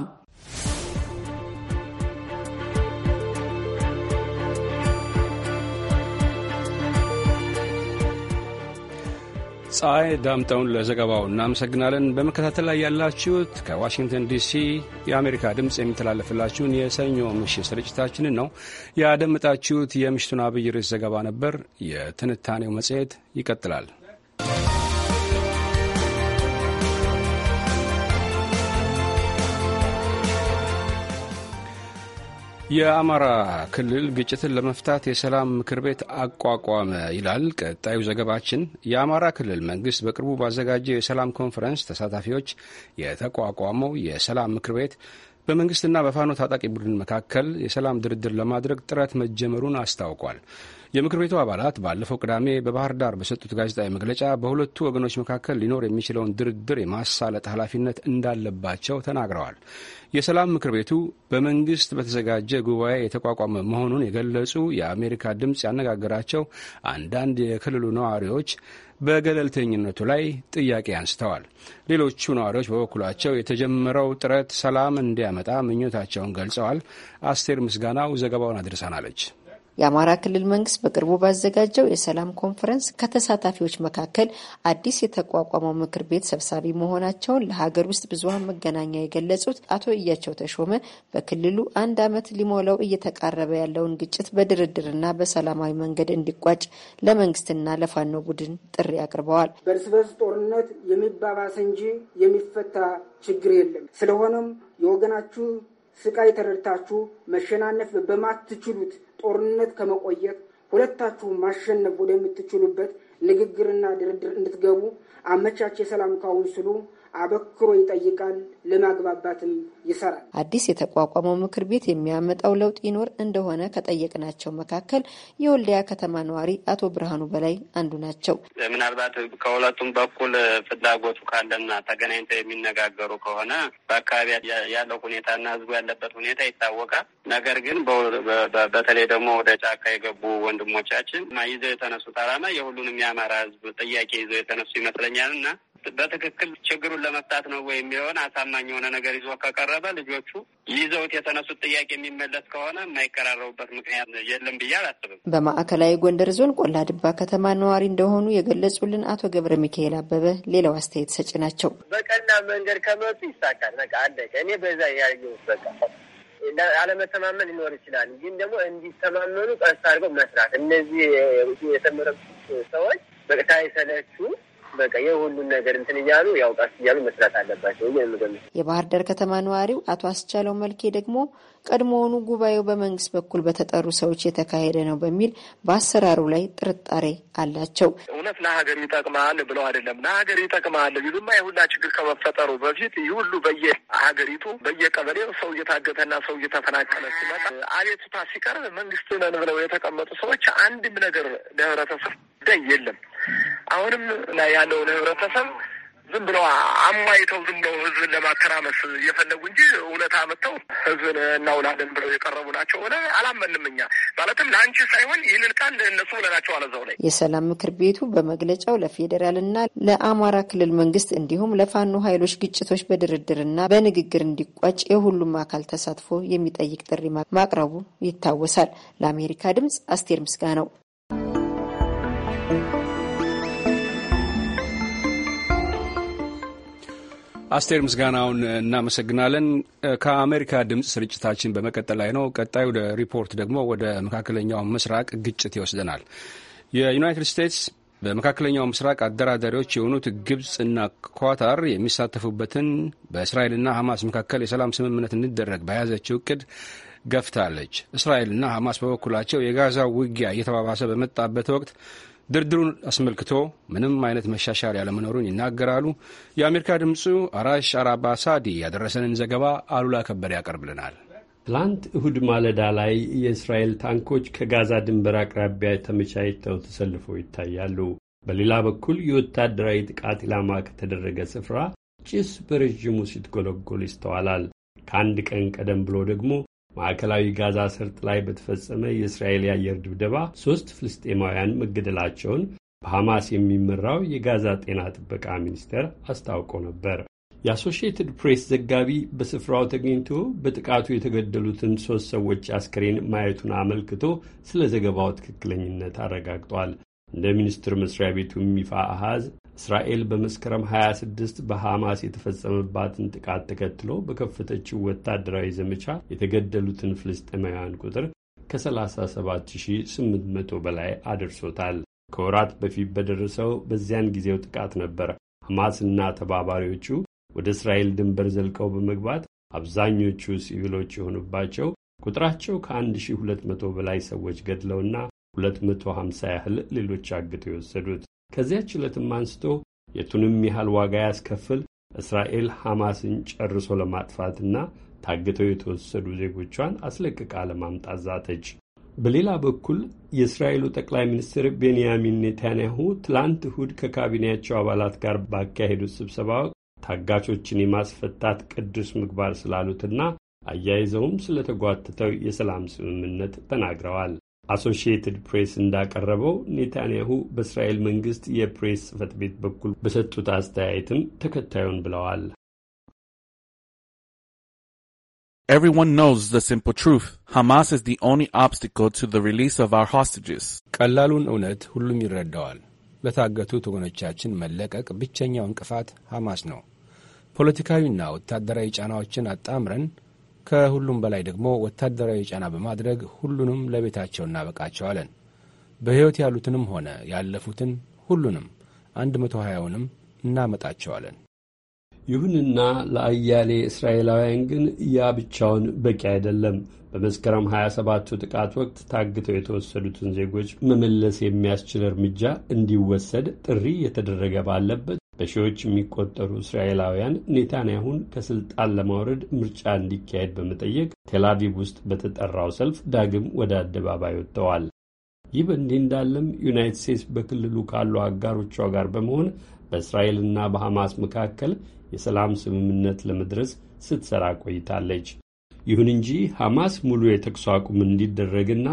ፀሐይ ዳምጠውን ለዘገባው እናመሰግናለን። በመከታተል ላይ ያላችሁት ከዋሽንግተን ዲሲ የአሜሪካ ድምፅ የሚተላለፍላችሁን የሰኞ ምሽት ስርጭታችንን ነው ያደመጣችሁት። የምሽቱን አብይ ርዕስ ዘገባ ነበር። የትንታኔው መጽሔት ይቀጥላል። የአማራ ክልል ግጭትን ለመፍታት የሰላም ምክር ቤት አቋቋመ ይላል ቀጣዩ ዘገባችን። የአማራ ክልል መንግስት በቅርቡ ባዘጋጀው የሰላም ኮንፈረንስ ተሳታፊዎች የተቋቋመው የሰላም ምክር ቤት በመንግስትና በፋኖ ታጣቂ ቡድን መካከል የሰላም ድርድር ለማድረግ ጥረት መጀመሩን አስታውቋል። የምክር ቤቱ አባላት ባለፈው ቅዳሜ በባህር ዳር በሰጡት ጋዜጣዊ መግለጫ በሁለቱ ወገኖች መካከል ሊኖር የሚችለውን ድርድር የማሳለጥ ኃላፊነት እንዳለባቸው ተናግረዋል። የሰላም ምክር ቤቱ በመንግስት በተዘጋጀ ጉባኤ የተቋቋመ መሆኑን የገለጹ የአሜሪካ ድምፅ ያነጋገራቸው አንዳንድ የክልሉ ነዋሪዎች በገለልተኝነቱ ላይ ጥያቄ አንስተዋል። ሌሎቹ ነዋሪዎች በበኩላቸው የተጀመረው ጥረት ሰላም እንዲያመጣ ምኞታቸውን ገልጸዋል። አስቴር ምስጋናው ዘገባውን አድርሳናለች። የአማራ ክልል መንግስት በቅርቡ ባዘጋጀው የሰላም ኮንፈረንስ ከተሳታፊዎች መካከል አዲስ የተቋቋመው ምክር ቤት ሰብሳቢ መሆናቸውን ለሀገር ውስጥ ብዙሀን መገናኛ የገለጹት አቶ እያቸው ተሾመ በክልሉ አንድ ዓመት ሊሞላው እየተቃረበ ያለውን ግጭት በድርድርና በሰላማዊ መንገድ እንዲቋጭ ለመንግስትና ለፋኖ ቡድን ጥሪ አቅርበዋል። በእርስ በርስ ጦርነት የሚባባስ እንጂ የሚፈታ ችግር የለም። ስለሆነም የወገናችሁ ስቃይ ተረድታችሁ መሸናነፍ በማትችሉት ጦርነት ከመቆየት ሁለታችሁ ማሸነፍ ወደምትችሉበት ንግግርና ድርድር እንድትገቡ አመቻች የሰላም ካውንስሉ አበክሮ ይጠይቃል፣ ለማግባባትም ይሰራል። አዲስ የተቋቋመው ምክር ቤት የሚያመጣው ለውጥ ይኖር እንደሆነ ከጠየቅናቸው መካከል የወልዲያ ከተማ ነዋሪ አቶ ብርሃኑ በላይ አንዱ ናቸው። ምናልባት ከሁለቱም በኩል ፍላጎቱ ካለና ተገናኝተው የሚነጋገሩ ከሆነ በአካባቢ ያለው ሁኔታና ህዝቡ ያለበት ሁኔታ ይታወቃል። ነገር ግን በተለይ ደግሞ ወደ ጫካ የገቡ ወንድሞቻችን ይዘው የተነሱት አላማ የሁሉንም የአማራ ህዝብ ጥያቄ ይዘው የተነሱ ይመስለኛል እና በትክክል ችግሩን ለመፍታት ነው ወይ የሚለውን አሳማኝ የሆነ ነገር ይዞ ከቀረበ ልጆቹ ይዘውት የተነሱት ጥያቄ የሚመለስ ከሆነ የማይቀራረቡበት ምክንያት የለም ብዬ አላስብም። በማዕከላዊ ጎንደር ዞን ቆላ ድባ ከተማ ነዋሪ እንደሆኑ የገለጹልን አቶ ገብረ ሚካኤል አበበ ሌላው አስተያየት ሰጭ ናቸው። በቀና መንገድ ከመጡ ይሳካል። በቃ አለቀ። እኔ በዛ ያየሁት በቃ አለመተማመን ሊኖር ይችላል። ግን ደግሞ እንዲተማመኑ ቀስ አድርገው መስራት እነዚህ የተመረጡ ሰዎች በቅታ የሰለቹ በቃ የሁሉን ነገር እንትን እያሉ ያው ቀስ እያሉ መስራት አለባቸው። የባህር ዳር ከተማ ነዋሪው አቶ አስቻለው መልኬ ደግሞ ቀድሞውኑ ጉባኤው በመንግስት በኩል በተጠሩ ሰዎች የተካሄደ ነው በሚል በአሰራሩ ላይ ጥርጣሬ አላቸው። እውነት ለሀገር ይጠቅማል ብለው አይደለም። ለሀገር ይጠቅማል ቢሉማ የሁላ ችግር ከመፈጠሩ በፊት ይህ ሁሉ በየሀገሪቱ በየቀበሌው ሰው እየታገተና ሰው እየተፈናቀለ ሲመጣ አቤቱታ ሲቀርብ መንግስት ነን ብለው የተቀመጡ ሰዎች አንድም ነገር ለህብረተሰብ ጉዳይ የለም። አሁንም ያለውን ህብረተሰብ ዝም ብለው አማይተው ዝም ብለው ህዝብን ለማተራመስ እየፈለጉ እንጂ እውነት አመጥተው ህዝብን እናውላለን ብለው የቀረቡ ናቸው ሆነ አላመንም። እኛ ማለትም ለአንቺ ሳይሆን ይህንን ቃል ለእነሱ ብለናቸው አለዛው ላይ የሰላም ምክር ቤቱ በመግለጫው ለፌዴራልና ለአማራ ክልል መንግስት እንዲሁም ለፋኖ ኃይሎች ግጭቶች በድርድርና በንግግር እንዲቋጭ የሁሉም አካል ተሳትፎ የሚጠይቅ ጥሪ ማቅረቡ ይታወሳል። ለአሜሪካ ድምጽ አስቴር ምስጋ ነው። አስቴር ምስጋናውን እናመሰግናለን። ከአሜሪካ ድምፅ ስርጭታችን በመቀጠል ላይ ነው። ቀጣዩ ሪፖርት ደግሞ ወደ መካከለኛው ምስራቅ ግጭት ይወስደናል። የዩናይትድ ስቴትስ በመካከለኛው ምስራቅ አደራዳሪዎች የሆኑት ግብፅና ኳታር የሚሳተፉበትን በእስራኤልና ሐማስ መካከል የሰላም ስምምነት እንዲደረግ በያዘችው እቅድ ገፍታለች። እስራኤልና ሐማስ በበኩላቸው የጋዛ ውጊያ እየተባባሰ በመጣበት ወቅት ድርድሩን አስመልክቶ ምንም አይነት መሻሻል ያለመኖሩን ይናገራሉ። የአሜሪካ ድምፁ አራሽ አራባ ሳዲ ያደረሰንን ዘገባ አሉላ ከበደ ያቀርብልናል። ትላንት እሁድ ማለዳ ላይ የእስራኤል ታንኮች ከጋዛ ድንበር አቅራቢያ ተመቻችተው ተሰልፈው ይታያሉ። በሌላ በኩል የወታደራዊ ጥቃት ኢላማ ከተደረገ ስፍራ ጭስ በረዥሙ ሲትጎለጎል ይስተዋላል። ከአንድ ቀን ቀደም ብሎ ደግሞ ማዕከላዊ ጋዛ ሰርጥ ላይ በተፈጸመ የእስራኤል የአየር ድብደባ ሦስት ፍልስጤማውያን መገደላቸውን በሐማስ የሚመራው የጋዛ ጤና ጥበቃ ሚኒስቴር አስታውቆ ነበር። የአሶሺየትድ ፕሬስ ዘጋቢ በስፍራው ተገኝቶ በጥቃቱ የተገደሉትን ሦስት ሰዎች አስክሬን ማየቱን አመልክቶ ስለ ዘገባው ትክክለኝነት አረጋግጧል። እንደ ሚኒስትር መስሪያ ቤቱ ይፋ አሃዝ እስራኤል በመስከረም 26 በሐማስ የተፈጸመባትን ጥቃት ተከትሎ በከፈተችው ወታደራዊ ዘመቻ የተገደሉትን ፍልስጤማውያን ቁጥር ከ37800 በላይ አድርሶታል። ከወራት በፊት በደረሰው በዚያን ጊዜው ጥቃት ነበር ሐማስና ተባባሪዎቹ ወደ እስራኤል ድንበር ዘልቀው በመግባት አብዛኞቹ ሲቪሎች የሆኑባቸው ቁጥራቸው ከ1200 በላይ ሰዎች ገድለውና 250 ያህል ሌሎች አግተው የወሰዱት ከዚያች ዕለትም አንስቶ የቱንም ያህል ዋጋ ያስከፍል እስራኤል ሐማስን ጨርሶ ለማጥፋትና ታግተው የተወሰዱ ዜጎቿን አስለቅቃ ለማምጣት ዛተች። በሌላ በኩል የእስራኤሉ ጠቅላይ ሚኒስትር ቤንያሚን ኔታንያሁ ትላንት እሁድ ከካቢኔያቸው አባላት ጋር ባካሄዱት ስብሰባ ታጋቾችን የማስፈታት ቅዱስ ምግባር ስላሉትና አያይዘውም ስለተጓተተው የሰላም ስምምነት ተናግረዋል። አሶሺየትድ ፕሬስ እንዳቀረበው ኔታንያሁ በእስራኤል መንግስት የፕሬስ ጽህፈት ቤት በኩል በሰጡት አስተያየትም ተከታዩን ብለዋል። Everyone knows the simple truth. Hamas is the only obstacle to the release of our hostages. ቀላሉን እውነት ሁሉም ይረዳዋል። ለታገቱት ወገኖቻችን መለቀቅ ብቸኛው እንቅፋት ሐማስ ነው። ፖለቲካዊና ወታደራዊ ጫናዎችን አጣምረን ከሁሉም በላይ ደግሞ ወታደራዊ ጫና በማድረግ ሁሉንም ለቤታቸው እናበቃቸዋለን። በሕይወት ያሉትንም ሆነ ያለፉትን ሁሉንም አንድ መቶ ሀያውንም እናመጣቸዋለን። ይሁንና ለአያሌ እስራኤላውያን ግን ያ ብቻውን በቂ አይደለም። በመስከረም 27ቱ ጥቃት ወቅት ታግተው የተወሰዱትን ዜጎች መመለስ የሚያስችል እርምጃ እንዲወሰድ ጥሪ የተደረገ ባለበት በሺዎች የሚቆጠሩ እስራኤላውያን ኔታንያሁን ከስልጣን ለማውረድ ምርጫ እንዲካሄድ በመጠየቅ ቴላቪቭ ውስጥ በተጠራው ሰልፍ ዳግም ወደ አደባባይ ወጥተዋል። ይህ በእንዲህ እንዳለም ዩናይትድ ስቴትስ በክልሉ ካሉ አጋሮቿ ጋር በመሆን በእስራኤልና በሐማስ መካከል የሰላም ስምምነት ለመድረስ ስትሰራ ቆይታለች። ይሁን እንጂ ሐማስ ሙሉ የተኩስ አቁም እንዲደረግና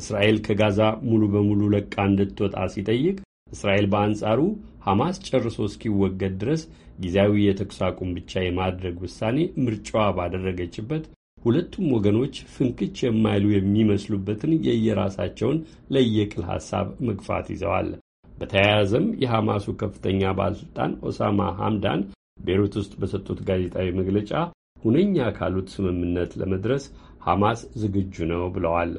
እስራኤል ከጋዛ ሙሉ በሙሉ ለቃ እንድትወጣ ሲጠይቅ እስራኤል በአንጻሩ ሐማስ ጨርሶ እስኪወገድ ድረስ ጊዜያዊ የተኩስ አቁም ብቻ የማድረግ ውሳኔ ምርጫዋ ባደረገችበት ሁለቱም ወገኖች ፍንክች የማይሉ የሚመስሉበትን የየራሳቸውን ለየቅል ሐሳብ መግፋት ይዘዋል። በተያያዘም የሐማሱ ከፍተኛ ባለሥልጣን ኦሳማ ሐምዳን ቤሩት ውስጥ በሰጡት ጋዜጣዊ መግለጫ ሁነኛ ካሉት ስምምነት ለመድረስ ሐማስ ዝግጁ ነው ብለዋል።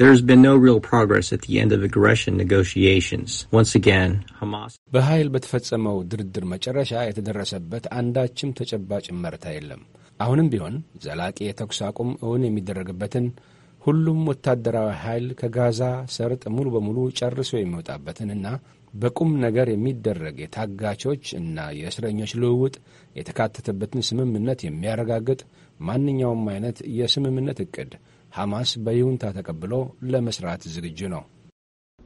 There has been no real progress at the end of aggression negotiations. Once again, Hamas በኃይል በተፈጸመው ድርድር መጨረሻ የተደረሰበት አንዳችም ተጨባጭ መርታ የለም። አሁንም ቢሆን ዘላቂ የተኩስ አቁም እውን የሚደረግበትን ሁሉም ወታደራዊ ኃይል ከጋዛ ሰርጥ ሙሉ በሙሉ ጨርሶ የሚወጣበትንና በቁም ነገር የሚደረግ የታጋቾች እና የእስረኞች ልውውጥ የተካተተበትን ስምምነት የሚያረጋግጥ ማንኛውም አይነት የስምምነት እቅድ ሐማስ በይሁንታ ተቀብሎ ለመስራት ዝግጁ ነው።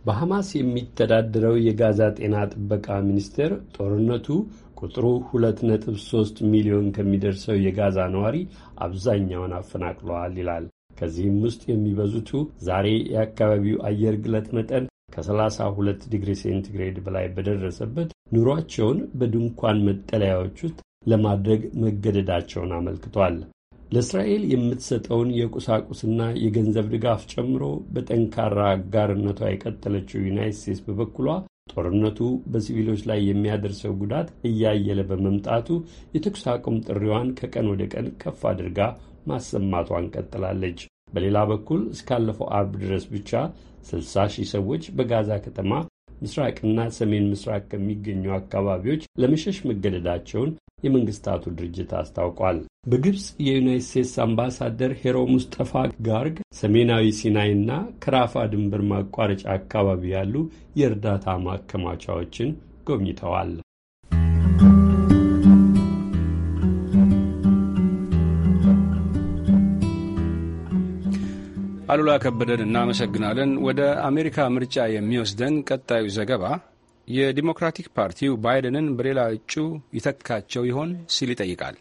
በሐማስ የሚተዳደረው የጋዛ ጤና ጥበቃ ሚኒስቴር ጦርነቱ ቁጥሩ 2.3 ሚሊዮን ከሚደርሰው የጋዛ ነዋሪ አብዛኛውን አፈናቅለዋል ይላል። ከዚህም ውስጥ የሚበዙቱ ዛሬ የአካባቢው አየር ግለት መጠን ከ32 ዲግሪ ሴንቲግሬድ በላይ በደረሰበት ኑሯቸውን በድንኳን መጠለያዎች ውስጥ ለማድረግ መገደዳቸውን አመልክቷል። ለእስራኤል የምትሰጠውን የቁሳቁስና የገንዘብ ድጋፍ ጨምሮ በጠንካራ አጋርነቷ የቀጠለችው ዩናይት ስቴትስ በበኩሏ ጦርነቱ በሲቪሎች ላይ የሚያደርሰው ጉዳት እያየለ በመምጣቱ የተኩስ አቁም ጥሪዋን ከቀን ወደ ቀን ከፍ አድርጋ ማሰማቷን ቀጥላለች። በሌላ በኩል እስካለፈው አርብ ድረስ ብቻ 60 ሺህ ሰዎች በጋዛ ከተማ ምስራቅና ሰሜን ምስራቅ ከሚገኙ አካባቢዎች ለመሸሽ መገደዳቸውን የመንግስታቱ ድርጅት አስታውቋል። በግብፅ የዩናይት ስቴትስ አምባሳደር ሄሮ ሙስጠፋ ጋርግ ሰሜናዊ ሲናይና ከራፋ ድንበር ማቋረጫ አካባቢ ያሉ የእርዳታ ማከማቻዎችን ጎብኝተዋል። አሉላ ከበደን እናመሰግናለን። ወደ አሜሪካ ምርጫ የሚወስደን ቀጣዩ ዘገባ የዲሞክራቲክ ፓርቲው ባይደንን በሌላ እጩ ይተካቸው ይሆን ሲል ይጠይቃል።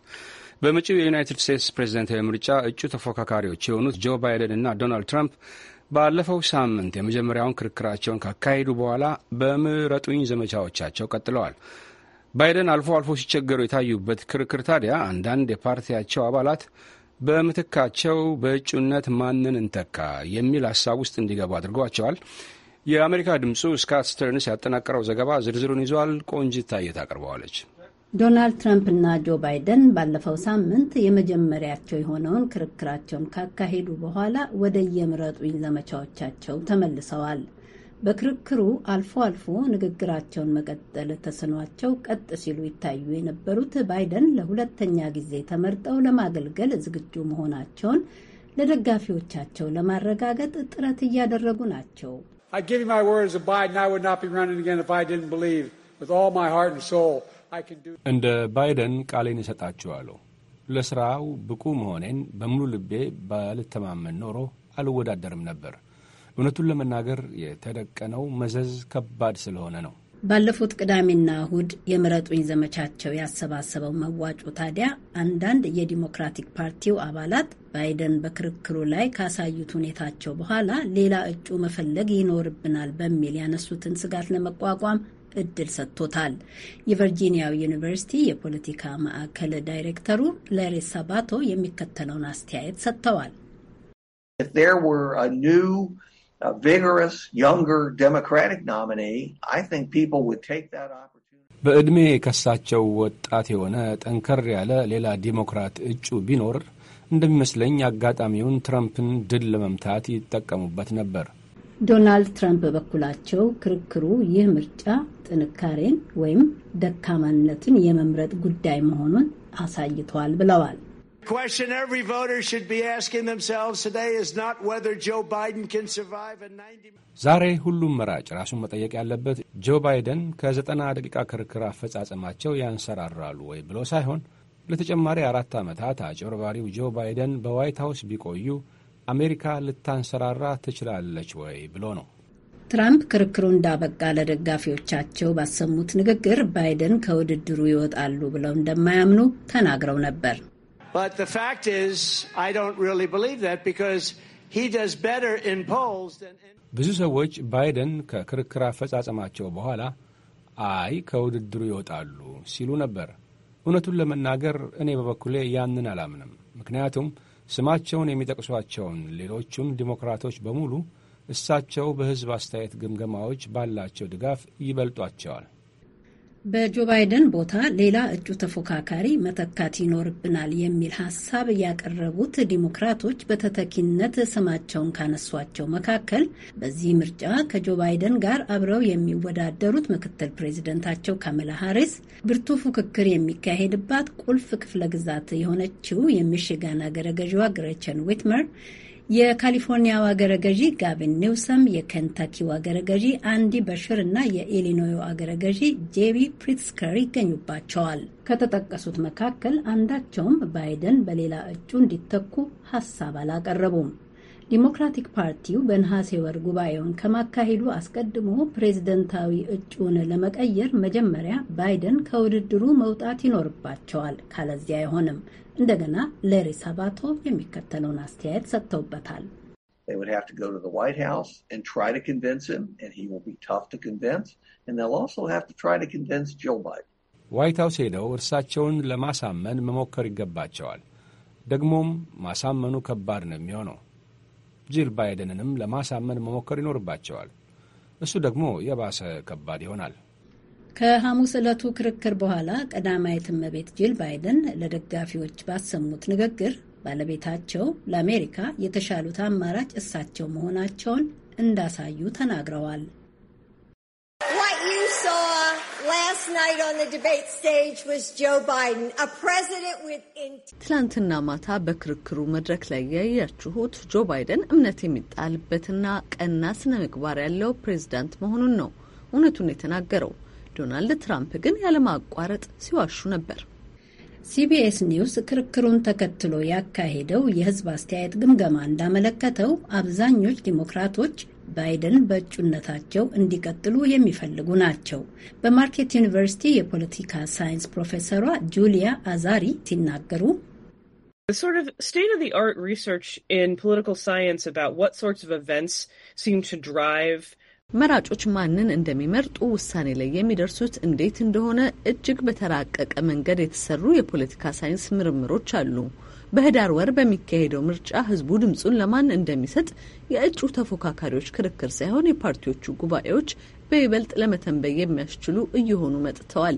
በመጪው የዩናይትድ ስቴትስ ፕሬዚደንታዊ ምርጫ እጩ ተፎካካሪዎች የሆኑት ጆ ባይደን እና ዶናልድ ትራምፕ ባለፈው ሳምንት የመጀመሪያውን ክርክራቸውን ካካሄዱ በኋላ በምረጡኝ ዘመቻዎቻቸው ቀጥለዋል። ባይደን አልፎ አልፎ ሲቸገሩ የታዩበት ክርክር ታዲያ አንዳንድ የፓርቲያቸው አባላት በምትካቸው በእጩነት ማንን እንተካ የሚል ሀሳብ ውስጥ እንዲገቡ አድርገዋቸዋል። የአሜሪካ ድምፁ ስካት ስተርንስ ያጠናቀረው ዘገባ ዝርዝሩን ይዟል። ቆንጂት ታየት አቅርበዋለች። ዶናልድ ትራምፕና ጆ ባይደን ባለፈው ሳምንት የመጀመሪያቸው የሆነውን ክርክራቸውን ካካሄዱ በኋላ ወደ የምረጡኝ ዘመቻዎቻቸው ተመልሰዋል። በክርክሩ አልፎ አልፎ ንግግራቸውን መቀጠል ተስኗቸው ቀጥ ሲሉ ይታዩ የነበሩት ባይደን ለሁለተኛ ጊዜ ተመርጠው ለማገልገል ዝግጁ መሆናቸውን ለደጋፊዎቻቸው ለማረጋገጥ ጥረት እያደረጉ ናቸው። እንደ ባይደን ቃሌን እሰጣችኋለሁ፣ ለሥራው ብቁ መሆኔን በሙሉ ልቤ ባልተማመን ኖሮ አልወዳደርም ነበር እውነቱን ለመናገር የተደቀነው መዘዝ ከባድ ስለሆነ ነው። ባለፉት ቅዳሜና እሁድ የምረጡኝ ዘመቻቸው ያሰባሰበው መዋጮ ታዲያ አንዳንድ የዲሞክራቲክ ፓርቲው አባላት ባይደን በክርክሩ ላይ ካሳዩት ሁኔታቸው በኋላ ሌላ እጩ መፈለግ ይኖርብናል በሚል ያነሱትን ስጋት ለመቋቋም እድል ሰጥቶታል። የቨርጂኒያው ዩኒቨርሲቲ የፖለቲካ ማዕከል ዳይሬክተሩ ላሬ ሳባቶ የሚከተለውን አስተያየት ሰጥተዋል። a vigorous, younger Democratic nominee, I think people would take that opportunity. በዕድሜ የከሳቸው ወጣት የሆነ ጠንከር ያለ ሌላ ዲሞክራት እጩ ቢኖር እንደሚመስለኝ አጋጣሚውን ትራምፕን ድል ለመምታት ይጠቀሙበት ነበር። ዶናልድ ትራምፕ በበኩላቸው ክርክሩ ይህ ምርጫ ጥንካሬን ወይም ደካማነትን የመምረጥ ጉዳይ መሆኑን አሳይቷል ብለዋል። ዛሬ ሁሉም መራጭ ራሱን መጠየቅ ያለበት ጆ ባይደን ከዘጠና ደቂቃ ክርክር አፈጻጸማቸው ያንሰራራሉ ወይ ብሎ ሳይሆን ለተጨማሪ አራት ዓመታት አጭበርባሪው ጆ ባይደን በዋይት ሀውስ ቢቆዩ አሜሪካ ልታንሰራራ ትችላለች ወይ ብሎ ነው። ትራምፕ ክርክሩ እንዳበቃ ለደጋፊዎቻቸው ባሰሙት ንግግር ባይደን ከውድድሩ ይወጣሉ ብለው እንደማያምኑ ተናግረው ነበር። ብዙ ሰዎች ባይደን ከክርክር አፈጻጸማቸው በኋላ አይ ከውድድሩ ይወጣሉ ሲሉ ነበር። እውነቱን ለመናገር እኔ በበኩሌ ያንን አላምንም። ምክንያቱም ስማቸውን የሚጠቅሷቸውን ሌሎቹን ዲሞክራቶች በሙሉ እሳቸው በሕዝብ አስተያየት ግምገማዎች ባላቸው ድጋፍ ይበልጧቸዋል። በጆ ባይደን ቦታ ሌላ እጩ ተፎካካሪ መተካት ይኖርብናል የሚል ሀሳብ ያቀረቡት ዲሞክራቶች በተተኪነት ስማቸውን ካነሷቸው መካከል በዚህ ምርጫ ከጆ ባይደን ጋር አብረው የሚወዳደሩት ምክትል ፕሬዚደንታቸው ካመላ ሀሪስ ብርቱ ፉክክር የሚካሄድባት ቁልፍ ክፍለ ግዛት የሆነችው የሚሽጋን አገረ ገዥዋ ግሬቸን ዊትመር የካሊፎርኒያ አገረገዢ ጋቪን ኒውሰም፣ የኬንታኪው አገረገዢ አንዲ በሽር እና የኢሊኖዩ አገረገዢ ጄቢ ፕሪትስከር ይገኙባቸዋል። ከተጠቀሱት መካከል አንዳቸውም ባይደን በሌላ እጩ እንዲተኩ ሀሳብ አላቀረቡም። ዲሞክራቲክ ፓርቲው በነሐሴ ወር ጉባኤውን ከማካሄዱ አስቀድሞ ፕሬዝደንታዊ እጩውን ለመቀየር መጀመሪያ ባይደን ከውድድሩ መውጣት ይኖርባቸዋል። ካለዚያ አይሆንም። እንደገና ሌሪ ሳባቶ የሚከተለውን አስተያየት ሰጥተውበታል። ዋይት ሀውስ ሄደው እርሳቸውን ለማሳመን መሞከር ይገባቸዋል። ደግሞም ማሳመኑ ከባድ ነው የሚሆነው ጂል ባይደንንም ለማሳመን መሞከር ይኖርባቸዋል። እሱ ደግሞ የባሰ ከባድ ይሆናል። ከሐሙስ ዕለቱ ክርክር በኋላ ቀዳማዊት እመቤት ጂል ባይደን ለደጋፊዎች ባሰሙት ንግግር ባለቤታቸው ለአሜሪካ የተሻሉት አማራጭ እሳቸው መሆናቸውን እንዳሳዩ ተናግረዋል። ትላንትና ማታ በክርክሩ መድረክ ላይ ያያችሁት ጆ ባይደን እምነት የሚጣልበትና ቀና ስነ ምግባር ያለው ፕሬዝዳንት መሆኑን ነው እውነቱን የተናገረው። ዶናልድ ትራምፕ ግን ያለማቋረጥ ሲዋሹ ነበር። ሲቢኤስ ኒውስ ክርክሩን ተከትሎ ያካሄደው የህዝብ አስተያየት ግምገማ እንዳመለከተው አብዛኞች ዲሞክራቶች ባይደን በእጩነታቸው እንዲቀጥሉ የሚፈልጉ ናቸው። በማርኬት ዩኒቨርሲቲ የፖለቲካ ሳይንስ ፕሮፌሰሯ ጁሊያ አዛሪ ሲናገሩ The sort of state of the art research in political science about what sorts of events seem to drive መራጮች ማንን እንደሚመርጡ ውሳኔ ላይ የሚደርሱት እንዴት እንደሆነ እጅግ በተራቀቀ መንገድ የተሰሩ የፖለቲካ ሳይንስ ምርምሮች አሉ። በህዳር ወር በሚካሄደው ምርጫ ህዝቡ ድምፁን ለማን እንደሚሰጥ የእጩ ተፎካካሪዎች ክርክር ሳይሆን የፓርቲዎቹ ጉባኤዎች በይበልጥ ለመተንበይ የሚያስችሉ እየሆኑ መጥተዋል።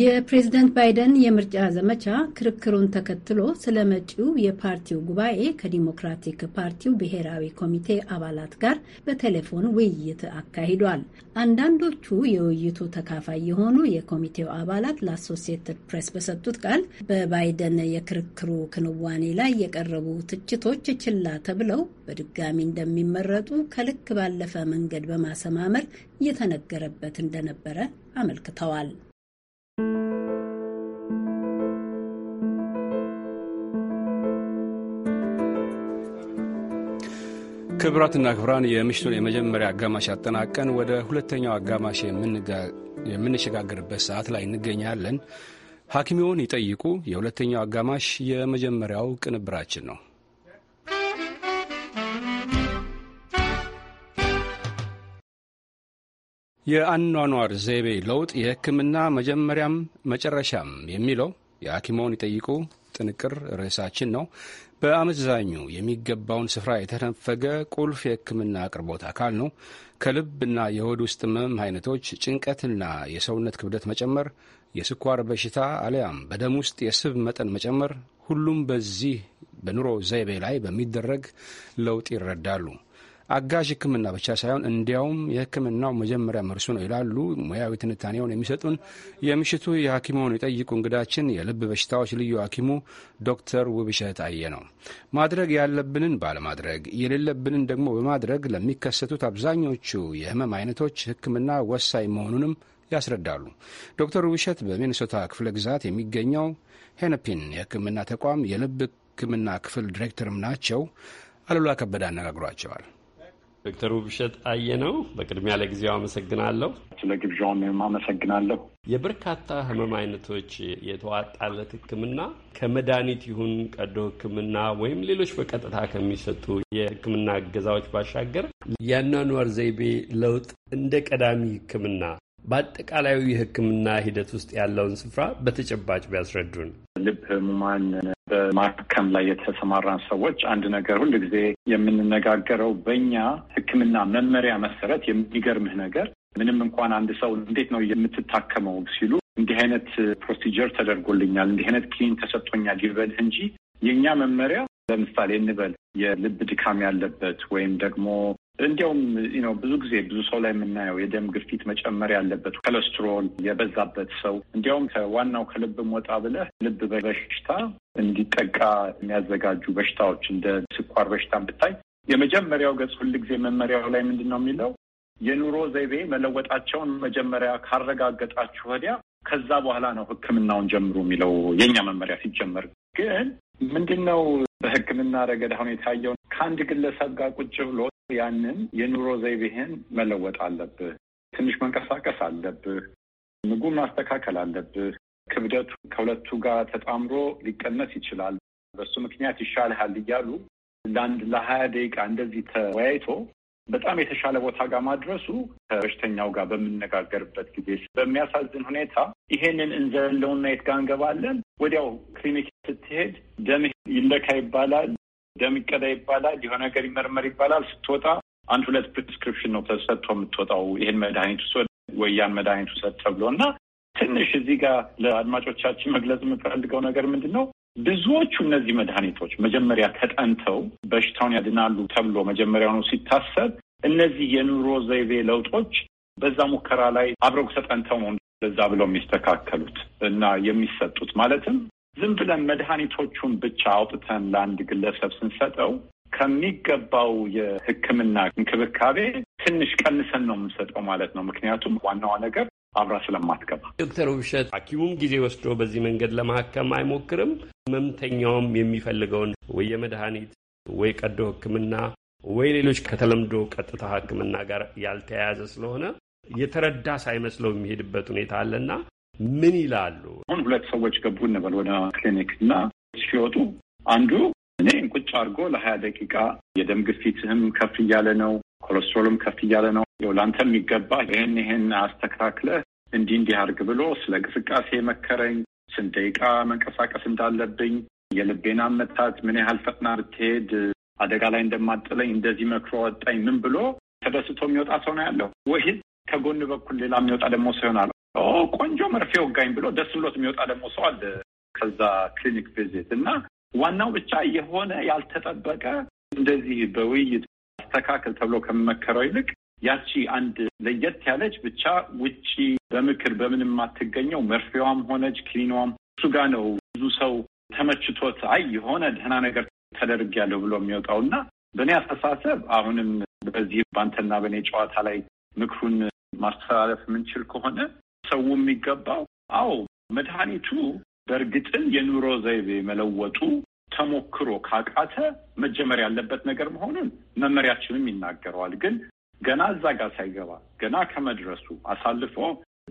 የፕሬዝደንት ባይደን የምርጫ ዘመቻ ክርክሩን ተከትሎ ስለ መጪው የፓርቲው ጉባኤ ከዲሞክራቲክ ፓርቲው ብሔራዊ ኮሚቴ አባላት ጋር በቴሌፎን ውይይት አካሂዷል። አንዳንዶቹ የውይይቱ ተካፋይ የሆኑ የኮሚቴው አባላት ለአሶሲየትድ ፕሬስ በሰጡት ቃል በባይደን የክርክሩ ክንዋኔ ላይ የቀረቡ ትችቶች ችላ ተብለው በድጋሚ እንደሚመረጡ ከልክ ባለፈ መንገድ በማሰማመር እየተነገረበት እንደነበረ አመልክተዋል። ክብራትና ክብራን የምሽቱን የመጀመሪያ አጋማሽ አጠናቀን ወደ ሁለተኛው አጋማሽ የምንሸጋገርበት ሰዓት ላይ እንገኛለን። ሐኪምዎን ይጠይቁ የሁለተኛው አጋማሽ የመጀመሪያው ቅንብራችን ነው። የአኗኗር ዘይቤ ለውጥ የሕክምና መጀመሪያም መጨረሻም የሚለው የሐኪሞን ይጠይቁ ጥንቅር ርዕሳችን ነው። በአመዛኙ የሚገባውን ስፍራ የተነፈገ ቁልፍ የሕክምና አቅርቦት አካል ነው። ከልብና የሆድ ውስጥ ህመም አይነቶች ጭንቀትና የሰውነት ክብደት መጨመር፣ የስኳር በሽታ አሊያም በደም ውስጥ የስብ መጠን መጨመር፣ ሁሉም በዚህ በኑሮ ዘይቤ ላይ በሚደረግ ለውጥ ይረዳሉ። አጋዥ ሕክምና ብቻ ሳይሆን እንዲያውም የሕክምናው መጀመሪያ መርሱ ነው ይላሉ ሙያዊ ትንታኔውን የሚሰጡን የምሽቱ የሐኪሙን የጠይቁ እንግዳችን የልብ በሽታዎች ልዩ ሐኪሙ ዶክተር ውብሸት አየ ነው። ማድረግ ያለብንን ባለማድረግ የሌለብንን ደግሞ በማድረግ ለሚከሰቱት አብዛኞቹ የህመም አይነቶች ሕክምና ወሳኝ መሆኑንም ያስረዳሉ። ዶክተር ውብሸት በሚኒሶታ ክፍለ ግዛት የሚገኘው ሄነፒን የሕክምና ተቋም የልብ ሕክምና ክፍል ዲሬክተርም ናቸው። አሉላ ከበደ አነጋግሯቸዋል። ዶክተር ውብሸት አየነው በቅድሚያ ለጊዜው አመሰግናለሁ። ስለ ግብዣውን አመሰግናለሁ። የበርካታ ህመም አይነቶች የተዋጣለት ህክምና ከመድኃኒት ይሁን ቀዶ ህክምና ወይም ሌሎች በቀጥታ ከሚሰጡ የህክምና እገዛዎች ባሻገር የአኗኗር ዘይቤ ለውጥ እንደ ቀዳሚ ህክምና በአጠቃላዩ የህክምና ሂደት ውስጥ ያለውን ስፍራ በተጨባጭ ቢያስረዱን። ልብ ህሙማን በማከም ላይ የተሰማራን ሰዎች አንድ ነገር ሁል ጊዜ የምንነጋገረው በኛ ሕክምና መመሪያ መሰረት የሚገርምህ ነገር ምንም እንኳን አንድ ሰው እንዴት ነው የምትታከመው ሲሉ እንዲህ አይነት ፕሮሲጀር ተደርጎልኛል፣ እንዲህ አይነት ክሊን ተሰጥቶኛል ይበልህ እንጂ የእኛ መመሪያ ለምሳሌ እንበል የልብ ድካም ያለበት ወይም ደግሞ እንዲያውም ነው ብዙ ጊዜ ብዙ ሰው ላይ የምናየው የደም ግፊት መጨመር ያለበት ኮለስትሮል የበዛበት ሰው እንዲያውም ከዋናው ከልብ ወጣ ብለህ ልብ በሽታ እንዲጠቃ የሚያዘጋጁ በሽታዎች እንደ ስኳር በሽታን ብታይ የመጀመሪያው ገጽ ጊዜ መመሪያው ላይ ምንድን ነው የሚለው የኑሮ ዘይቤ መለወጣቸውን መጀመሪያ ካረጋገጣችሁ ወዲያ ከዛ በኋላ ነው ህክምናውን ጀምሩ የሚለው የእኛ መመሪያ ሲጀመር ግን ምንድን ነው በሕክምና ረገድ አሁን የታየው ከአንድ ግለሰብ ጋር ቁጭ ብሎ ያንን የኑሮ ዘይቤህን መለወጥ አለብህ። ትንሽ መንቀሳቀስ አለብህ። ምግቡ ማስተካከል አለብህ። ክብደቱ ከሁለቱ ጋር ተጣምሮ ሊቀነስ ይችላል። በሱ ምክንያት ይሻልሃል እያሉ ለአንድ ለሀያ ደቂቃ እንደዚህ ተወያይቶ በጣም የተሻለ ቦታ ጋር ማድረሱ ከበሽተኛው ጋር በምነጋገርበት ጊዜ በሚያሳዝን ሁኔታ ይሄንን እንዘለውና የት ጋር እንገባለን። ወዲያው ክሊኒክ ስትሄድ ደም ይለካ ይባላል፣ ደም ይቀዳ ይባላል፣ የሆነ ነገር ይመርመር ይባላል። ስትወጣ አንድ ሁለት ፕሪስክሪፕሽን ነው ተሰጥቶ የምትወጣው ይህን መድኃኒት ውሰድ ወያን መድኃኒት ውሰድ ተብሎ እና ትንሽ እዚህ ጋር ለአድማጮቻችን መግለጽ የምፈልገው ነገር ምንድን ነው ብዙዎቹ እነዚህ መድኃኒቶች መጀመሪያ ተጠንተው በሽታውን ያድናሉ ተብሎ መጀመሪያውኑ ሲታሰብ እነዚህ የኑሮ ዘይቤ ለውጦች በዛ ሙከራ ላይ አብረው ተጠንተው ነው ለዛ ብለው የሚስተካከሉት እና የሚሰጡት ማለትም ዝም ብለን መድኃኒቶቹን ብቻ አውጥተን ለአንድ ግለሰብ ስንሰጠው ከሚገባው የሕክምና እንክብካቤ ትንሽ ቀንሰን ነው የምንሰጠው ማለት ነው። ምክንያቱም ዋናዋ ነገር አብራ ስለማትገባ ዶክተር ውብሸት ሐኪሙም ጊዜ ወስዶ በዚህ መንገድ ለማከም አይሞክርም። ህመምተኛውም የሚፈልገውን ወይ የመድኃኒት ወይ ቀዶ ህክምና ወይ ሌሎች ከተለምዶ ቀጥታ ህክምና ጋር ያልተያያዘ ስለሆነ የተረዳ ሳይመስለው የሚሄድበት ሁኔታ አለና ምን ይላሉ? አሁን ሁለት ሰዎች ገቡን ነበር ወደ ክሊኒክ እና ሲወጡ አንዱ እኔ ቁጭ አድርጎ ለሀያ ደቂቃ የደም ግፊትህም ከፍ እያለ ነው ኮለስትሮልም ከፍ እያለ ነው፣ ለአንተ የሚገባ ይህን ይህን አስተካክለ እንዲህ እንዲህ አድርግ ብሎ ስለ እንቅስቃሴ መከረኝ፣ ስንት ደቂቃ መንቀሳቀስ እንዳለብኝ፣ የልቤን መታት ምን ያህል ፈጥና ብትሄድ አደጋ ላይ እንደማጥለኝ እንደዚህ መክሮ ወጣኝ። ምን ብሎ ተደስቶ የሚወጣ ሰው ነው ያለው ወይስ ከጎን በኩል ሌላ የሚወጣ ደግሞ ሰው ይሆናል? ቆንጆ መርፌ ወጋኝ ብሎ ደስ ብሎት የሚወጣ ደግሞ ሰው አለ ከዛ ክሊኒክ ቪዚት እና ዋናው ብቻ የሆነ ያልተጠበቀ እንደዚህ በውይይት አስተካክል ተብሎ ከመመከረው ይልቅ ያቺ አንድ ለየት ያለች ብቻ ውጪ በምክር በምንም የማትገኘው መርፌዋም ሆነች ክኒኗም እሱ ጋር ነው ብዙ ሰው ተመችቶት አይ የሆነ ደህና ነገር ያለው ብሎ የሚወጣው እና በእኔ አስተሳሰብ አሁንም በዚህ በአንተና በእኔ ጨዋታ ላይ ምክሩን ማስተላለፍ የምንችል ከሆነ ሰው የሚገባው አዎ መድኃኒቱ በእርግጥን የኑሮ ዘይቤ መለወጡ ተሞክሮ ካቃተ መጀመር ያለበት ነገር መሆኑን መመሪያችንም ይናገረዋል። ግን ገና እዛ ጋር ሳይገባ ገና ከመድረሱ አሳልፎ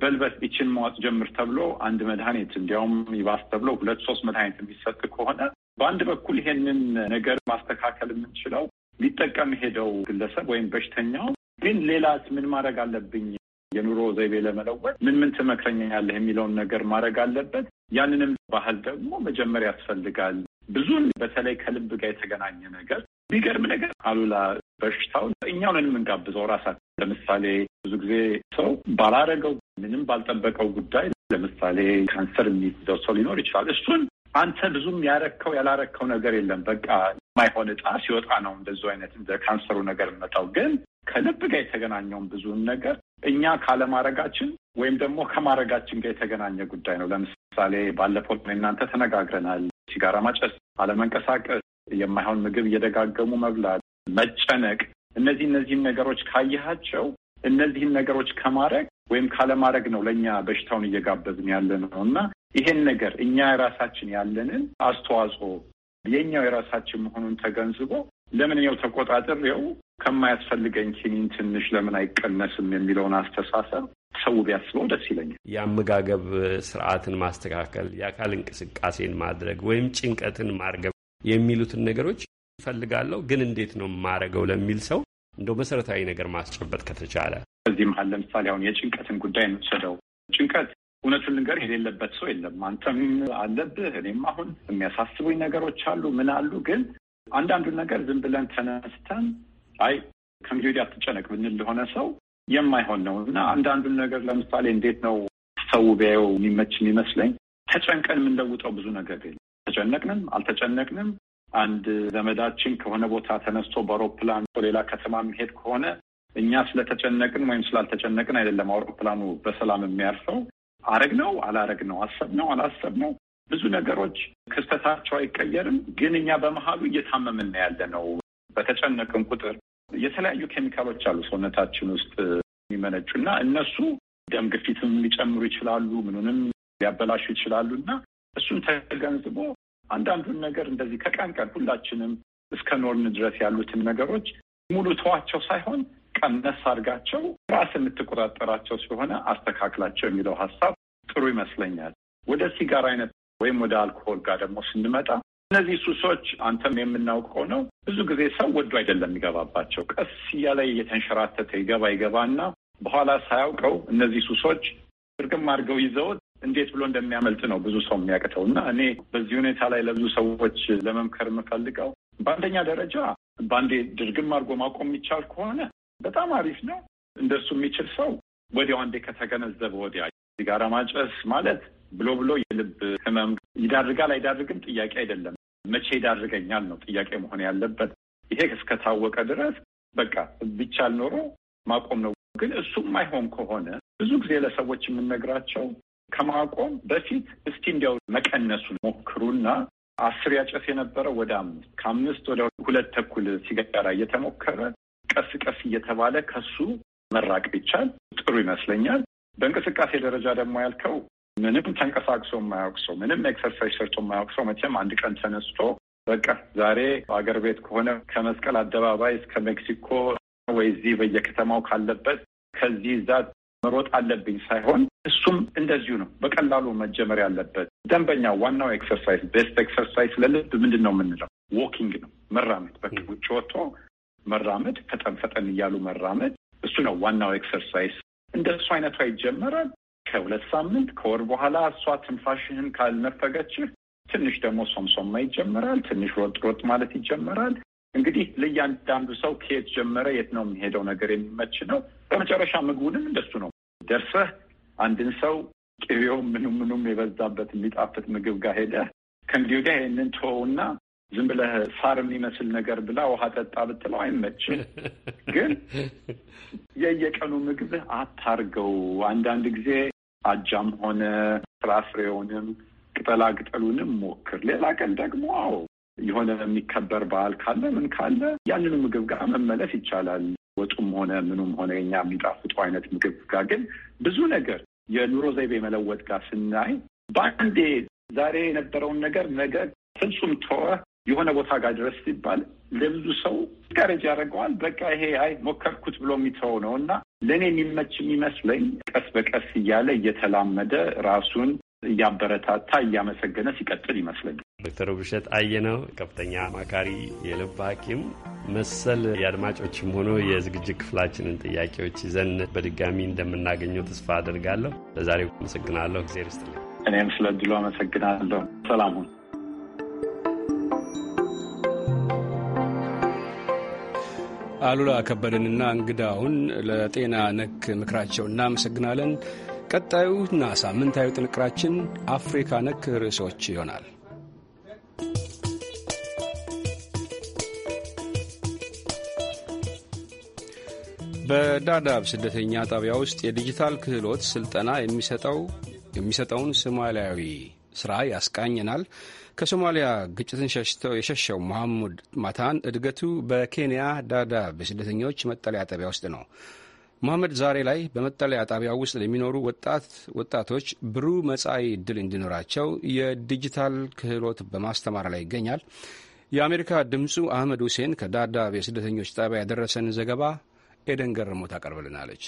በልበት ይችን መዋጥ ጀምር ተብሎ አንድ መድኃኒት እንዲያውም ይባስ ተብሎ ሁለት ሶስት መድኃኒት የሚሰጥ ከሆነ በአንድ በኩል ይሄንን ነገር ማስተካከል የምንችለው ሊጠቀም ሄደው ግለሰብ ወይም በሽተኛው ግን ሌላስ ምን ማድረግ አለብኝ የኑሮ ዘይቤ ለመለወጥ ምን ምን ያለህ የሚለውን ነገር ማድረግ አለበት። ያንንም ባህል ደግሞ መጀመር ያስፈልጋል። ብዙን በተለይ ከልብ ጋር የተገናኘ ነገር የሚገርም ነገር አሉላ እኛው ነን የምንጋብዘው ራሳት ለምሳሌ ብዙ ጊዜ ሰው ባላረገው ምንም ባልጠበቀው ጉዳይ ለምሳሌ ካንሰር የሚይዘው ሰው ሊኖር ይችላል። እሱን አንተ ብዙም ያረከው ያላረከው ነገር የለም። በቃ የማይሆን እጣ ሲወጣ ነው እንደዚሁ አይነት እንደ ካንሰሩ ነገር መጣው። ግን ከልብ ጋር የተገናኘውን ብዙውን ነገር እኛ ካለማረጋችን ወይም ደግሞ ከማድረጋችን ጋር የተገናኘ ጉዳይ ነው። ለምሳሌ ባለፈው እናንተ ተነጋግረናል ሲጋራ ማጨስ፣ አለመንቀሳቀስ፣ የማይሆን ምግብ እየደጋገሙ መብላት፣ መጨነቅ፣ እነዚህ እነዚህን ነገሮች ካየሃቸው እነዚህን ነገሮች ከማድረግ ወይም ካለማድረግ ነው ለእኛ በሽታውን እየጋበዝን ያለ ነው እና ይሄን ነገር እኛ የራሳችን ያለንን አስተዋጽኦ የኛው የራሳችን መሆኑን ተገንዝቦ ኛው ተቆጣጠር ው ከማያስፈልገኝ ኪኒን ትንሽ ለምን አይቀነስም የሚለውን አስተሳሰብ ሰው ቢያስበው ደስ ይለኛል። የአመጋገብ ስርዓትን ማስተካከል፣ የአካል እንቅስቃሴን ማድረግ ወይም ጭንቀትን ማርገብ የሚሉትን ነገሮች ይፈልጋለሁ፣ ግን እንዴት ነው የማረገው ለሚል ሰው እንደው መሰረታዊ ነገር ማስጨበጥ ከተቻለ በዚህ መሀል ለምሳሌ አሁን የጭንቀትን ጉዳይ እንውሰደው። ጭንቀት እውነቱን ልንገር የሌለበት ሰው የለም። አንተም አለብህ፣ እኔም አሁን የሚያሳስቡኝ ነገሮች አሉ፣ ምን አሉ። ግን አንዳንዱን ነገር ዝም ብለን ተነስተን አይ ከእንግዲህ ወዲህ አትጨነቅ ብንል ለሆነ ሰው የማይሆን ነው እና አንዳንዱን ነገር ለምሳሌ እንዴት ነው ሰው ቢያየው የሚመች የሚመስለኝ ተጨንቀን የምንለውጠው ብዙ ነገር የለም። ተጨነቅንም አልተጨነቅንም አንድ ዘመዳችን ከሆነ ቦታ ተነስቶ በአውሮፕላን ሌላ ከተማ የሚሄድ ከሆነ እኛ ስለተጨነቅን ወይም ስላልተጨነቅን አይደለም አውሮፕላኑ በሰላም የሚያርፈው። አሰብ ነው አላሰብ አላሰብነው፣ ብዙ ነገሮች ክስተታቸው አይቀየርም። ግን እኛ በመሀሉ እየታመምና ያለ ነው። በተጨነቅን ቁጥር የተለያዩ ኬሚካሎች አሉ ሰውነታችን ውስጥ የሚመነጩ እና እነሱ ደም ግፊትም ሊጨምሩ ይችላሉ፣ ምኑንም ሊያበላሹ ይችላሉ እና እሱን ተገንዝቦ አንዳንዱን ነገር እንደዚህ ከቀን ቀን ሁላችንም እስከ ኖርን ድረስ ያሉትን ነገሮች ሙሉ ተዋቸው ሳይሆን ቀነስ አድርጋቸው ራስ የምትቆጣጠራቸው ስለሆነ አስተካክላቸው የሚለው ሀሳብ ጥሩ ይመስለኛል። ወደ ሲጋራ አይነት ወይም ወደ አልኮሆል ጋር ደግሞ ስንመጣ እነዚህ ሱሶች አንተም የምናውቀው ነው። ብዙ ጊዜ ሰው ወዶ አይደለም የሚገባባቸው። ቀስ እያለ እየተንሸራተተ ይገባ ይገባና በኋላ ሳያውቀው እነዚህ ሱሶች እርግም አድርገው ይዘውት እንዴት ብሎ እንደሚያመልጥ ነው ብዙ ሰው የሚያቅተው። እና እኔ በዚህ ሁኔታ ላይ ለብዙ ሰዎች ለመምከር የምፈልገው በአንደኛ ደረጃ በአንዴ ድርግም አድርጎ ማቆም የሚቻል ከሆነ በጣም አሪፍ ነው። እንደሱ የሚችል ሰው ወዲያው አንዴ ከተገነዘበ ወዲያ ሲጋራ ማጨስ ማለት ብሎ ብሎ የልብ ህመም ይዳርጋል አይዳርግም ጥያቄ አይደለም። መቼ ይዳርገኛል ነው ጥያቄ መሆን ያለበት። ይሄ እስከታወቀ ድረስ በቃ ቢቻል ኖሮ ማቆም ነው። ግን እሱም ማይሆን ከሆነ ብዙ ጊዜ ለሰዎች የምንነግራቸው ከማቆም በፊት እስቲ እንዲያው መቀነሱን ሞክሩና አስር ያጨስ የነበረ ወደ አምስት ከአምስት ወደ ሁለት ተኩል ሲጋራ እየተሞከረ ቀስ ቀስ እየተባለ ከሱ መራቅ ቢቻል ጥሩ ይመስለኛል። በእንቅስቃሴ ደረጃ ደግሞ ያልከው ምንም ተንቀሳቅሶ የማያውቅ ሰው፣ ምንም ኤክሰርሳይዝ ሰርቶ የማያውቅ ሰው መቼም አንድ ቀን ተነስቶ በቃ ዛሬ አገር ቤት ከሆነ ከመስቀል አደባባይ እስከ ሜክሲኮ ወይ እዚህ በየከተማው ካለበት ከዚህ እዛ መሮጥ አለብኝ ሳይሆን እሱም እንደዚሁ ነው። በቀላሉ መጀመር ያለበት ደንበኛ ዋናው ኤክሰርሳይዝ ቤስት ኤክሰርሳይዝ ለልብ ምንድን ነው የምንለው? ዎኪንግ ነው መራመድ። በቃ ውጭ ወጥቶ መራመድ፣ ፈጠን ፈጠን እያሉ መራመድ፣ እሱ ነው ዋናው ኤክሰርሳይዝ። እንደሱ አይነቷ ይጀመራል። ከሁለት ሳምንት ከወር በኋላ እሷ ትንፋሽህን ካልነፈገችህ ትንሽ ደግሞ ሶምሶማ ይጀመራል። ትንሽ ሮጥ ሮጥ ማለት ይጀመራል። እንግዲህ ለእያንዳንዱ ሰው ከየት ጀመረ፣ የት ነው የሚሄደው ነገር የሚመች ነው። በመጨረሻ ምግቡንም እንደሱ ነው። ደርሰህ አንድን ሰው ቅቤው ምኑ ምኑም የበዛበት የሚጣፍጥ ምግብ ጋር ሄደህ ከእንግዲህ ወዲያ ይህንን ተወውና ዝም ብለህ ሳር የሚመስል ነገር ብላ ውሃ ጠጣ ብትለው አይመችም። ግን የየቀኑ ምግብህ አታርገው። አንዳንድ ጊዜ አጃም ሆነ ፍራፍሬውንም ቅጠላ ቅጠሉንም ሞክር። ሌላ ቀን ደግሞ አዎ የሆነ የሚከበር በዓል ካለ ምን ካለ ያንን ምግብ ጋር መመለስ ይቻላል። ወጡም ሆነ ምኑም ሆነ የኛ የሚጣፍጡ አይነት ምግብ ጋር ግን ብዙ ነገር የኑሮ ዘይቤ መለወጥ ጋር ስናይ በአንዴ ዛሬ የነበረውን ነገር ነገ ፍጹም ተወ የሆነ ቦታ ጋር ድረስ ሲባል ለብዙ ሰው ጋሬጅ ያደርገዋል። በቃ ይሄ አይ ሞከርኩት ብሎ የሚተው ነው እና ለእኔ የሚመች የሚመስለኝ ቀስ በቀስ እያለ እየተላመደ ራሱን እያበረታታ እያመሰገነ ሲቀጥል ይመስለኛል። ዶክተር ውብሸት አየነው ከፍተኛ አማካሪ፣ የልብ ሐኪም መሰል የአድማጮችም ሆኖ የዝግጅት ክፍላችንን ጥያቄዎች ይዘን በድጋሚ እንደምናገኘው ተስፋ አድርጋለሁ። ለዛሬው አመሰግናለሁ። እግዜር ይስጥልኝ። እኔም ስለ ድሉ አመሰግናለሁ። ሰላሙን አሉላ ከበደንና እንግዳውን ለጤና ነክ ምክራቸው እናመሰግናለን። ቀጣዩና ሳምንታዊ ጥንቅራችን አፍሪካ ነክ ርዕሶች ይሆናል። በዳዳብ ስደተኛ ጣቢያ ውስጥ የዲጂታል ክህሎት ስልጠና የሚሰጠውን ሶማሊያዊ ስራ ያስቃኘናል። ከሶማሊያ ግጭትን ሸሽተው የሸሸው መሐሙድ ማታን እድገቱ በኬንያ ዳዳብ የስደተኞች መጠለያ ጣቢያ ውስጥ ነው። መሐመድ ዛሬ ላይ በመጠለያ ጣቢያ ውስጥ ለሚኖሩ ወጣት ወጣቶች ብሩህ መጻኢ ዕድል እንዲኖራቸው የዲጂታል ክህሎት በማስተማር ላይ ይገኛል። የአሜሪካ ድምፁ አህመድ ሁሴን ከዳዳብ የስደተኞች ጣቢያ ያደረሰን ዘገባ ኤደን ገርሞ ታቀርብልናለች።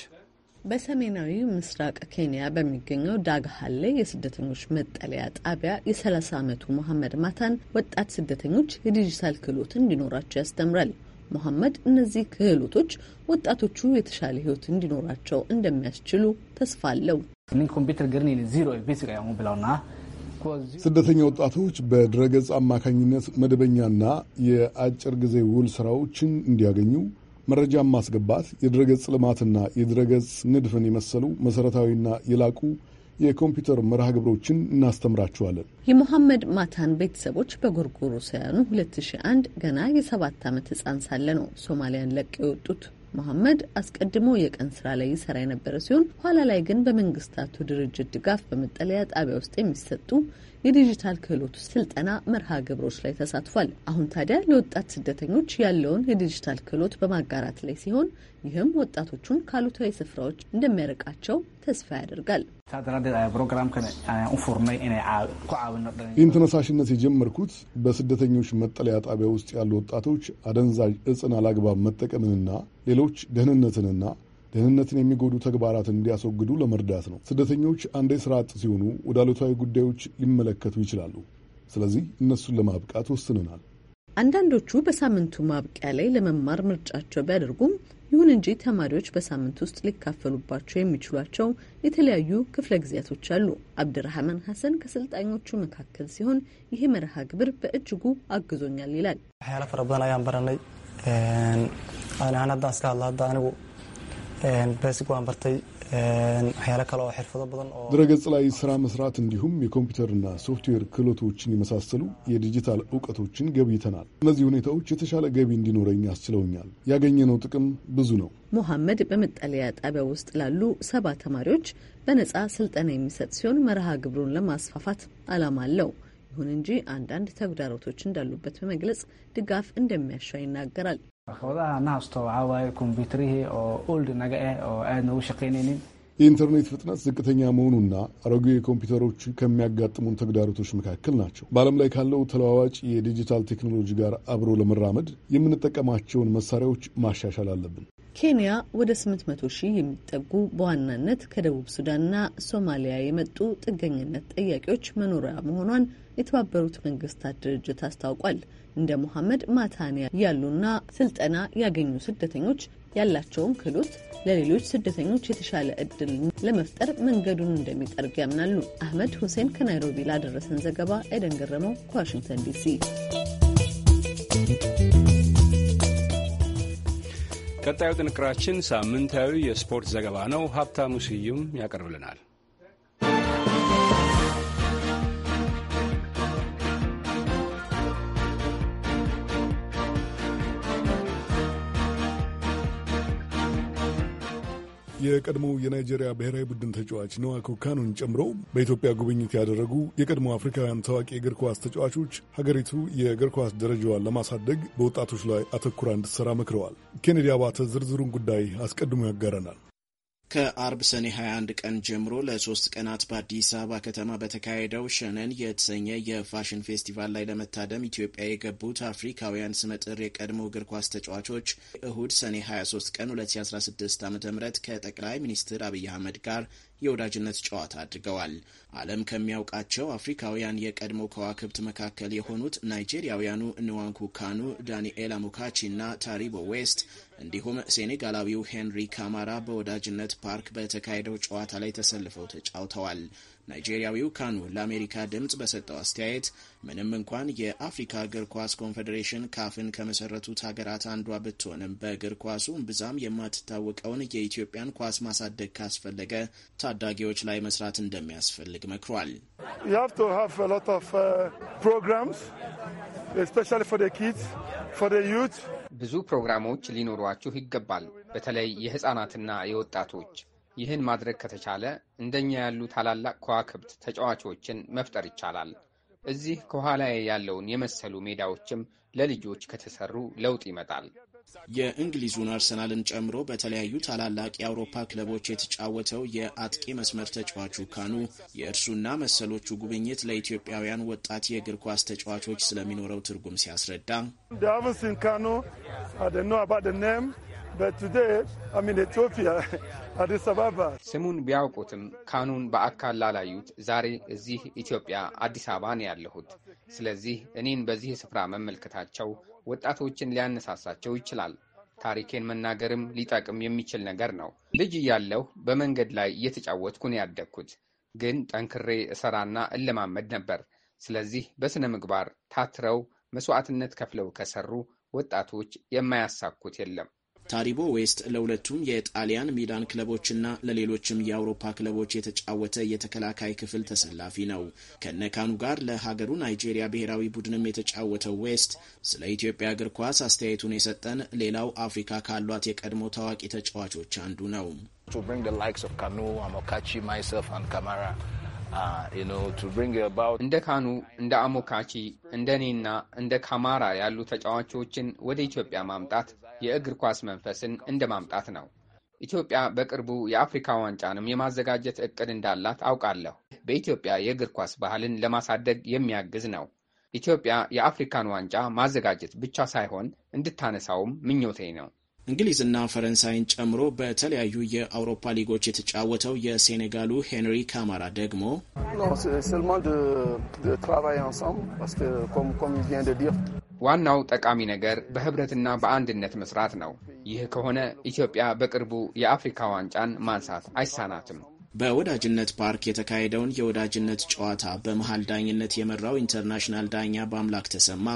በሰሜናዊ ምስራቅ ኬንያ በሚገኘው ዳግሃሌ የስደተኞች መጠለያ ጣቢያ የ30 ዓመቱ መሐመድ ማታን ወጣት ስደተኞች የዲጂታል ክህሎት እንዲኖራቸው ያስተምራል። መሐመድ እነዚህ ክህሎቶች ወጣቶቹ የተሻለ ህይወት እንዲኖራቸው እንደሚያስችሉ ተስፋ አለው። ስደተኛ ወጣቶች በድረገጽ አማካኝነት መደበኛና የአጭር ጊዜ ውል ስራዎችን እንዲያገኙ መረጃን ማስገባት፣ የድረገጽ ልማትና የድረገጽ ንድፍን የመሰሉ መሠረታዊና የላቁ የኮምፒውተር መርሃ ግብሮችን እናስተምራችኋለን። የሞሐመድ ማታን ቤተሰቦች ሳያኑ 2001 ገና የሰባት ዓመት ሕፃን ሳለ ነው ሶማሊያን ለቀው የወጡት። መሐመድ አስቀድሞ የቀን ስራ ላይ ይሰራ የነበረ ሲሆን ኋላ ላይ ግን በመንግስታቱ ድርጅት ድጋፍ በመጠለያ ጣቢያ ውስጥ የሚሰጡ የዲጂታል ክህሎት ስልጠና መርሃ ግብሮች ላይ ተሳትፏል። አሁን ታዲያ ለወጣት ስደተኞች ያለውን የዲጂታል ክህሎት በማጋራት ላይ ሲሆን ይህም ወጣቶቹን ካሉታዊ ስፍራዎች እንደሚያርቃቸው ተስፋ ያደርጋል። ይህን ተነሳሽነት የጀመርኩት በስደተኞች መጠለያ ጣቢያ ውስጥ ያሉ ወጣቶች አደንዛዥ እጽን አላግባብ መጠቀምንና ሌሎች ደህንነትንና ደህንነትን የሚጎዱ ተግባራትን እንዲያስወግዱ ለመርዳት ነው። ስደተኞች አንዴ ስራ አጥ ሲሆኑ ወደ አሉታዊ ጉዳዮች ሊመለከቱ ይችላሉ። ስለዚህ እነሱን ለማብቃት ወስንናል። አንዳንዶቹ በሳምንቱ ማብቂያ ላይ ለመማር ምርጫቸው ቢያደርጉም ይሁን እንጂ ተማሪዎች በሳምንት ውስጥ ሊካፈሉባቸው የሚችሏቸው የተለያዩ ክፍለ ጊዜያቶች አሉ። አብድራህማን ሀሰን ከስልጣኞቹ መካከል ሲሆን ይሄ መርሃ ግብር በእጅጉ አግዞኛል ይላል። ድረገጽ ላይ ስራ መስራት እንዲሁም የኮምፒውተርና ሶፍትዌር ክህሎቶችን የመሳሰሉ የዲጂታል እውቀቶችን ገብይተናል። እነዚህ ሁኔታዎች የተሻለ ገቢ እንዲኖረኝ አስችለውኛል። ያገኘነው ጥቅም ብዙ ነው። ሞሐመድ በመጠለያ ጣቢያ ውስጥ ላሉ ሰባ ተማሪዎች በነጻ ስልጠና የሚሰጥ ሲሆን መርሃ ግብሩን ለማስፋፋት ዓላማ አለው። ይሁን እንጂ አንዳንድ ተግዳሮቶች እንዳሉበት በመግለጽ ድጋፍ እንደሚያሻ ይናገራል። waxoogaha waaye oo old naga ah oo aad noogu shaqaynaynin የኢንተርኔት ፍጥነት ዝቅተኛ መሆኑና አሮጌ ኮምፒውተሮች ከሚያጋጥሙን ተግዳሮቶች መካከል ናቸው። በዓለም ላይ ካለው ተለዋዋጭ የዲጂታል ቴክኖሎጂ ጋር አብሮ ለመራመድ የምንጠቀማቸውን መሳሪያዎች ማሻሻል አለብን። ኬንያ ወደ 800 ሺህ የሚጠጉ በዋናነት ከደቡብ ሱዳንና ሶማሊያ የመጡ ጥገኝነት ጠያቂዎች መኖሪያ መሆኗን የተባበሩት መንግስታት ድርጅት አስታውቋል። እንደ ሙሐመድ ማታንያ ያሉና ስልጠና ያገኙ ስደተኞች ያላቸውን ክህሎት ለሌሎች ስደተኞች የተሻለ እድል ለመፍጠር መንገዱን እንደሚጠርግ ያምናሉ። አህመድ ሁሴን ከናይሮቢ ላደረሰን ዘገባ ኤደን ገረመው ከዋሽንግተን ዲሲ። ቀጣዩ ጥንቅራችን ሳምንታዊ የስፖርት ዘገባ ነው። ሀብታሙ ስዩም ያቀርብልናል። የቀድሞው የናይጄሪያ ብሔራዊ ቡድን ተጫዋች ነዋኮ ካኑን ጨምሮ በኢትዮጵያ ጉብኝት ያደረጉ የቀድሞ አፍሪካውያን ታዋቂ የእግር ኳስ ተጫዋቾች ሀገሪቱ የእግር ኳስ ደረጃዋን ለማሳደግ በወጣቶች ላይ አተኩራ እንድትሰራ መክረዋል። ኬኔዲ አባተ ዝርዝሩን ጉዳይ አስቀድሞ ያጋረናል። ከአርብ ሰኔ 21 ቀን ጀምሮ ለሶስት ቀናት በአዲስ አበባ ከተማ በተካሄደው ሸነን የተሰኘ የፋሽን ፌስቲቫል ላይ ለመታደም ኢትዮጵያ የገቡት አፍሪካውያን ስመጥር የቀድሞ እግር ኳስ ተጫዋቾች እሁድ ሰኔ 23 ቀን 2016 ዓ ም ከጠቅላይ ሚኒስትር አብይ አህመድ ጋር የወዳጅነት ጨዋታ አድርገዋል። ዓለም ከሚያውቃቸው አፍሪካውያን የቀድሞ ከዋክብት መካከል የሆኑት ናይጄሪያውያኑ ንዋንኩ ካኑ፣ ዳንኤል አሙካቺ እና ታሪቦ ዌስት እንዲሁም ሴኔጋላዊው ሄንሪ ካማራ በወዳጅነት ፓርክ በተካሄደው ጨዋታ ላይ ተሰልፈው ተጫውተዋል። ናይጄሪያዊው ካኑ ለአሜሪካ ድምፅ በሰጠው አስተያየት ምንም እንኳን የአፍሪካ እግር ኳስ ኮንፌዴሬሽን ካፍን ከመሰረቱት ሀገራት አንዷ ብትሆንም በእግር ኳሱ ብዛም የማትታወቀውን የኢትዮጵያን ኳስ ማሳደግ ካስፈለገ ታዳጊዎች ላይ መስራት እንደሚያስፈልግ መክሯል። uh, ብዙ ፕሮግራሞች ሊኖሯችሁ ይገባል፣ በተለይ የህፃናትና የወጣቶች ይህን ማድረግ ከተቻለ እንደኛ ያሉ ታላላቅ ከዋክብት ተጫዋቾችን መፍጠር ይቻላል። እዚህ ከኋላዬ ያለውን የመሰሉ ሜዳዎችም ለልጆች ከተሰሩ ለውጥ ይመጣል። የእንግሊዙን አርሰናልን ጨምሮ በተለያዩ ታላላቅ የአውሮፓ ክለቦች የተጫወተው የአጥቂ መስመር ተጫዋቹ ካኑ የእርሱና መሰሎቹ ጉብኝት ለኢትዮጵያውያን ወጣት የእግር ኳስ ተጫዋቾች ስለሚኖረው ትርጉም ሲያስረዳ [LAUGHS] ስሙን ቢያውቁትም ካኑን በአካል ላላዩት ዛሬ እዚህ ኢትዮጵያ አዲስ አበባ ነው ያለሁት። ስለዚህ እኔን በዚህ ስፍራ መመልከታቸው ወጣቶችን ሊያነሳሳቸው ይችላል። ታሪኬን መናገርም ሊጠቅም የሚችል ነገር ነው። ልጅ እያለሁ በመንገድ ላይ እየተጫወትኩ ነው ያደግኩት። ግን ጠንክሬ እሰራና እለማመድ ነበር። ስለዚህ በሥነ ምግባር ታትረው መስዋዕትነት ከፍለው ከሰሩ ወጣቶች የማያሳኩት የለም። ታሪቦ ዌስት ለሁለቱም የጣሊያን ሚላን ክለቦችና ለሌሎችም የአውሮፓ ክለቦች የተጫወተ የተከላካይ ክፍል ተሰላፊ ነው። ከነካኑ ጋር ለሀገሩ ናይጄሪያ ብሔራዊ ቡድንም የተጫወተው ዌስት ስለ ኢትዮጵያ እግር ኳስ አስተያየቱን የሰጠን ሌላው አፍሪካ ካሏት የቀድሞ ታዋቂ ተጫዋቾች አንዱ ነው። uh, እንደ ካኑ፣ እንደ አሞካቺ፣ እንደ እኔና እንደ ካማራ ያሉ ተጫዋቾችን ወደ ኢትዮጵያ ማምጣት የእግር ኳስ መንፈስን እንደ ማምጣት ነው። ኢትዮጵያ በቅርቡ የአፍሪካ ዋንጫንም የማዘጋጀት እቅድ እንዳላት አውቃለሁ። በኢትዮጵያ የእግር ኳስ ባህልን ለማሳደግ የሚያግዝ ነው። ኢትዮጵያ የአፍሪካን ዋንጫ ማዘጋጀት ብቻ ሳይሆን እንድታነሳውም ምኞቴ ነው። እንግሊዝና ፈረንሳይን ጨምሮ በተለያዩ የአውሮፓ ሊጎች የተጫወተው የሴኔጋሉ ሄንሪ ካማራ ደግሞ ዋናው ጠቃሚ ነገር በህብረትና በአንድነት መስራት ነው። ይህ ከሆነ ኢትዮጵያ በቅርቡ የአፍሪካ ዋንጫን ማንሳት አይሳናትም። በወዳጅነት ፓርክ የተካሄደውን የወዳጅነት ጨዋታ በመሃል ዳኝነት የመራው ኢንተርናሽናል ዳኛ በአምላክ ተሰማ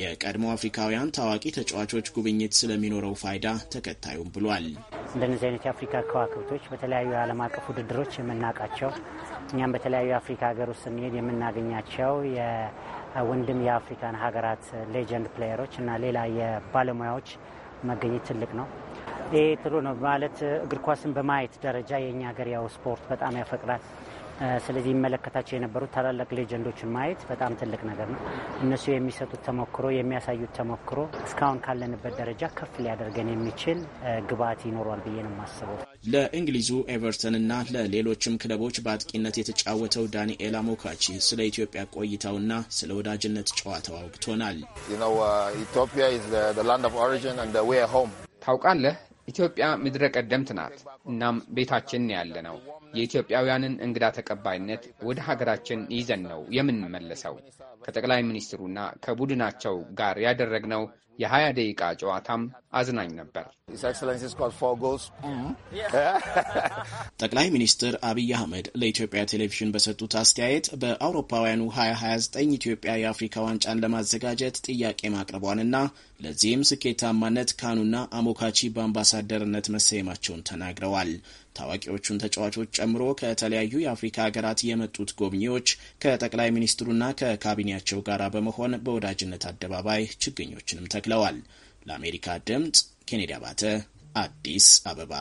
የቀድሞ አፍሪካውያን ታዋቂ ተጫዋቾች ጉብኝት ስለሚኖረው ፋይዳ ተከታዩም ብሏል። እንደነዚህ አይነት የአፍሪካ ከዋክብቶች በተለያዩ የዓለም አቀፍ ውድድሮች የምናውቃቸው እኛም በተለያዩ የአፍሪካ ሀገር ውስጥ ስንሄድ የምናገኛቸው የወንድም የአፍሪካን ሀገራት ሌጀንድ ፕሌየሮች እና ሌላ የባለሙያዎች መገኘት ትልቅ ነው። ይህ ጥሩ ነው ማለት እግር ኳስን በማየት ደረጃ የእኛ ሀገር ያው ስፖርት በጣም ያፈቅራል። ስለዚህ ይመለከታቸው የነበሩት ታላላቅ ሌጀንዶችን ማየት በጣም ትልቅ ነገር ነው። እነሱ የሚሰጡት ተሞክሮ፣ የሚያሳዩት ተሞክሮ እስካሁን ካለንበት ደረጃ ከፍ ሊያደርገን የሚችል ግብዓት ይኖሯል ብዬ ነው የማስበው። ለእንግሊዙ ኤቨርተን እና ለሌሎችም ክለቦች በአጥቂነት የተጫወተው ዳንኤል አሞካቺ ስለ ኢትዮጵያ ቆይታውና ስለ ወዳጅነት ጨዋታው አውግቶናል። uh, ታውቃለህ ኢትዮጵያ ምድረ ቀደምት ናት። እናም ቤታችን ያለ ነው። የኢትዮጵያውያንን እንግዳ ተቀባይነት ወደ ሀገራችን ይዘን ነው የምንመለሰው። ከጠቅላይ ሚኒስትሩና ከቡድናቸው ጋር ያደረግነው የ20 ደቂቃ ጨዋታም አዝናኝ ነበር። mm. [LAUGHS] ጠቅላይ ሚኒስትር አብይ አህመድ ለኢትዮጵያ ቴሌቪዥን በሰጡት አስተያየት በአውሮፓውያኑ 2029 ኢትዮጵያ የአፍሪካ ዋንጫን ለማዘጋጀት ጥያቄ ማቅረቧንና ለዚህም ስኬታማነት ካኑና አሞካቺ በአምባሳደርነት መሰየማቸውን ተናግረዋል። ታዋቂዎቹን ተጫዋቾች ጨምሮ ከተለያዩ የአፍሪካ ሀገራት የመጡት ጎብኚዎች ከጠቅላይ ሚኒስትሩና ከካቢኔያቸው ጋር በመሆን በወዳጅነት አደባባይ ችግኞችንም ተክለዋል። ለአሜሪካ ድምፅ ኬኔዲ አባተ አዲስ አበባ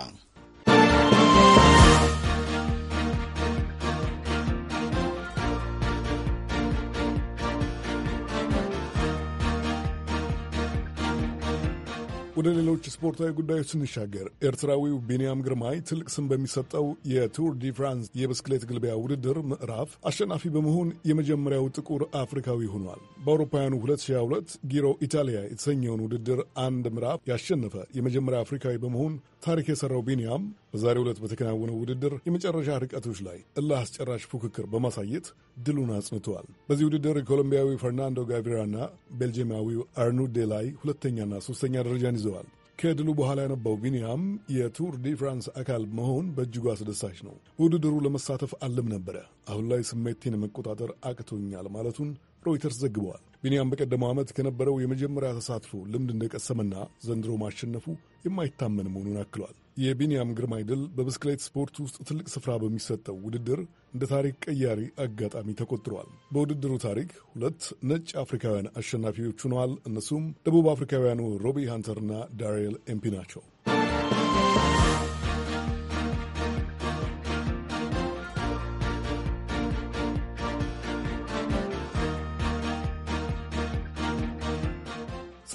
ወደ ሌሎች ስፖርታዊ ጉዳዮች ስንሻገር ኤርትራዊው ቢንያም ግርማይ ትልቅ ስም በሚሰጠው የቱር ዲ ፍራንስ የብስክሌት ግልቢያ ውድድር ምዕራፍ አሸናፊ በመሆን የመጀመሪያው ጥቁር አፍሪካዊ ሆኗል። በአውሮፓውያኑ 2022 ጊሮ ኢታሊያ የተሰኘውን ውድድር አንድ ምዕራፍ ያሸነፈ የመጀመሪያ አፍሪካዊ በመሆን ታሪክ የሰራው ቢንያም በዛሬው ዕለት በተከናወነው ውድድር የመጨረሻ ርቀቶች ላይ እልህ አስጨራሽ ፉክክር በማሳየት ድሉን አጽንተዋል። በዚህ ውድድር ኮሎምቢያዊ ፈርናንዶ ጋቪራና ቤልጅየማዊው አርኑዴ ላይ ሁለተኛና ሦስተኛ ደረጃን ይዘዋል። ከድሉ በኋላ የነባው ቢኒያም የቱር ዲ ፍራንስ አካል መሆን በእጅጉ አስደሳች ነው። በውድድሩ ለመሳተፍ አለም ነበረ። አሁን ላይ ስሜቴን መቆጣጠር አቅቶኛል ማለቱን ሮይተርስ ዘግበዋል። ቢኒያም በቀደመው ዓመት ከነበረው የመጀመሪያ ተሳትፎ ልምድ እንደቀሰመና ዘንድሮ ማሸነፉ የማይታመን መሆኑን አክሏል። የቢንያም ግርማ ድል በብስክሌት ስፖርት ውስጥ ትልቅ ስፍራ በሚሰጠው ውድድር እንደ ታሪክ ቀያሪ አጋጣሚ ተቆጥሯል። በውድድሩ ታሪክ ሁለት ነጭ አፍሪካውያን አሸናፊዎች ሆነዋል። እነሱም ደቡብ አፍሪካውያኑ ሮቢ ሃንተርና ዳርየል ኤምፒ ናቸው።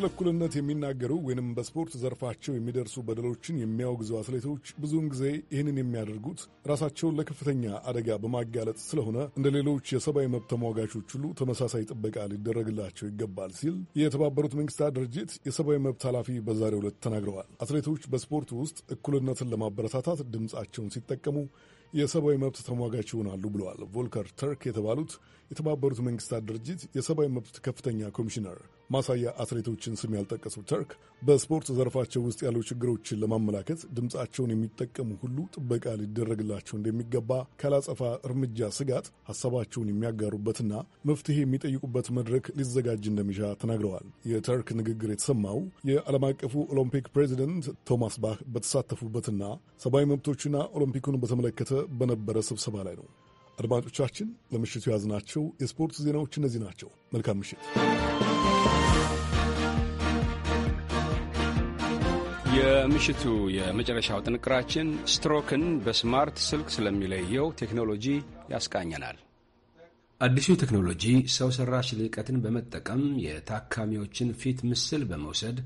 ስለ እኩልነት የሚናገሩ ወይንም በስፖርት ዘርፋቸው የሚደርሱ በደሎችን የሚያወግዙ አትሌቶች ብዙውን ጊዜ ይህንን የሚያደርጉት ራሳቸውን ለከፍተኛ አደጋ በማጋለጥ ስለሆነ እንደ ሌሎች የሰብአዊ መብት ተሟጋቾች ሁሉ ተመሳሳይ ጥበቃ ሊደረግላቸው ይገባል ሲል የተባበሩት መንግስታት ድርጅት የሰብአዊ መብት ኃላፊ በዛሬው ዕለት ተናግረዋል። አትሌቶች በስፖርት ውስጥ እኩልነትን ለማበረታታት ድምፃቸውን ሲጠቀሙ የሰብአዊ መብት ተሟጋች ይሆናሉ ብለዋል። ቮልከር ተርክ የተባሉት የተባበሩት መንግስታት ድርጅት የሰብአዊ መብት ከፍተኛ ኮሚሽነር ማሳያ አትሌቶችን ስም ያልጠቀሱ ተርክ በስፖርት ዘርፋቸው ውስጥ ያሉ ችግሮችን ለማመላከት ድምፃቸውን የሚጠቀሙ ሁሉ ጥበቃ ሊደረግላቸው እንደሚገባ ካላጸፋ እርምጃ ስጋት ሀሳባቸውን የሚያጋሩበትና መፍትሄ የሚጠይቁበት መድረክ ሊዘጋጅ እንደሚሻ ተናግረዋል። የተርክ ንግግር የተሰማው የዓለም አቀፉ ኦሎምፒክ ፕሬዚደንት ቶማስ ባህ በተሳተፉበትና ሰብአዊ መብቶችና ኦሎምፒኩን በተመለከተ በነበረ ስብሰባ ላይ ነው። አድማጮቻችን፣ ለምሽቱ የያዝናቸው የስፖርት ዜናዎች እነዚህ ናቸው። መልካም ምሽት። የምሽቱ የመጨረሻው ጥንቅራችን ስትሮክን በስማርት ስልክ ስለሚለየው ቴክኖሎጂ ያስቃኘናል። አዲሱ ቴክኖሎጂ ሰው ሠራሽ ልዕቀትን በመጠቀም የታካሚዎችን ፊት ምስል በመውሰድ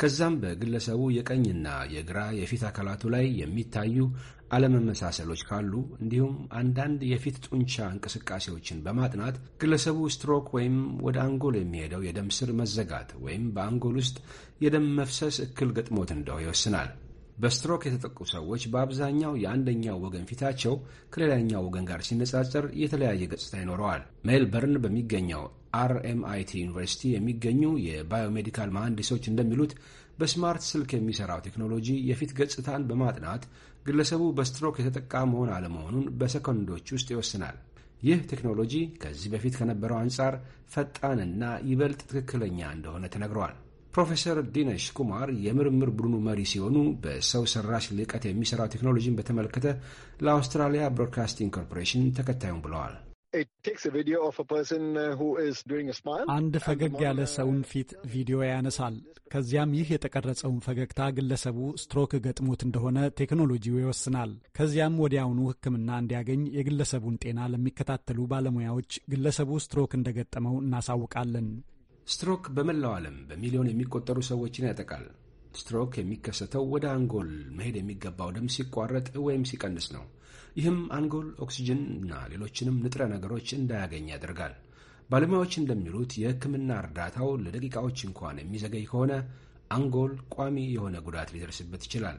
ከዛም በግለሰቡ የቀኝና የግራ የፊት አካላቱ ላይ የሚታዩ አለመመሳሰሎች ካሉ እንዲሁም አንዳንድ የፊት ጡንቻ እንቅስቃሴዎችን በማጥናት ግለሰቡ ስትሮክ ወይም ወደ አንጎል የሚሄደው የደም ስር መዘጋት ወይም በአንጎል ውስጥ የደም መፍሰስ እክል ገጥሞት እንደው ይወስናል። በስትሮክ የተጠቁ ሰዎች በአብዛኛው የአንደኛው ወገን ፊታቸው ከሌላኛው ወገን ጋር ሲነጻጸር የተለያየ ገጽታ ይኖረዋል። ሜልበርን በሚገኘው አርኤምአይቲ ዩኒቨርሲቲ የሚገኙ የባዮሜዲካል መሐንዲሶች እንደሚሉት በስማርት ስልክ የሚሰራው ቴክኖሎጂ የፊት ገጽታን በማጥናት ግለሰቡ በስትሮክ የተጠቃ መሆን አለመሆኑን በሰከንዶች ውስጥ ይወስናል። ይህ ቴክኖሎጂ ከዚህ በፊት ከነበረው አንጻር ፈጣንና ይበልጥ ትክክለኛ እንደሆነ ተነግረዋል። ፕሮፌሰር ዲነሽ ኩማር የምርምር ቡድኑ መሪ ሲሆኑ በሰው ሰራሽ ልቀት የሚሰራው ቴክኖሎጂን በተመለከተ ለአውስትራሊያ ብሮድካስቲንግ ኮርፖሬሽን ተከታዩም ብለዋል። Uh, አንድ ፈገግ ያለ uh, ሰውን ፊት ቪዲዮ ያነሳል። ከዚያም ይህ የተቀረጸውን ፈገግታ ግለሰቡ ስትሮክ ገጥሞት እንደሆነ ቴክኖሎጂው ይወስናል። ከዚያም ወዲያውኑ ሕክምና እንዲያገኝ የግለሰቡን ጤና ለሚከታተሉ ባለሙያዎች ግለሰቡ ስትሮክ እንደገጠመው እናሳውቃለን። ስትሮክ በመላው ዓለም በሚሊዮን የሚቆጠሩ ሰዎችን ያጠቃል። ስትሮክ የሚከሰተው ወደ አንጎል መሄድ የሚገባው ደም ሲቋረጥ ወይም ሲቀንስ ነው። ይህም አንጎል ኦክሲጅን እና ሌሎችንም ንጥረ ነገሮች እንዳያገኝ ያደርጋል። ባለሙያዎች እንደሚሉት የሕክምና እርዳታው ለደቂቃዎች እንኳን የሚዘገይ ከሆነ አንጎል ቋሚ የሆነ ጉዳት ሊደርስበት ይችላል።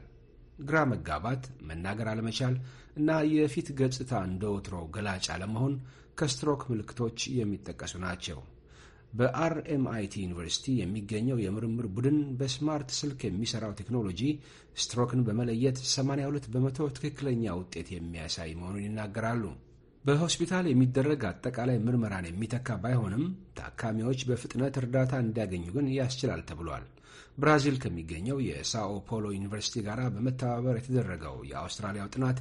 ግራ መጋባት፣ መናገር አለመቻል እና የፊት ገጽታ እንደ ወትሮው ገላጭ አለመሆን ከስትሮክ ምልክቶች የሚጠቀሱ ናቸው። በአርኤምአይቲ ዩኒቨርሲቲ የሚገኘው የምርምር ቡድን በስማርት ስልክ የሚሰራው ቴክኖሎጂ ስትሮክን በመለየት 82 በመቶ ትክክለኛ ውጤት የሚያሳይ መሆኑን ይናገራሉ። በሆስፒታል የሚደረግ አጠቃላይ ምርመራን የሚተካ ባይሆንም ታካሚዎች በፍጥነት እርዳታ እንዲያገኙ ግን ያስችላል ተብሏል። ብራዚል ከሚገኘው የሳኦ ፖሎ ዩኒቨርሲቲ ጋር በመተባበር የተደረገው የአውስትራሊያው ጥናት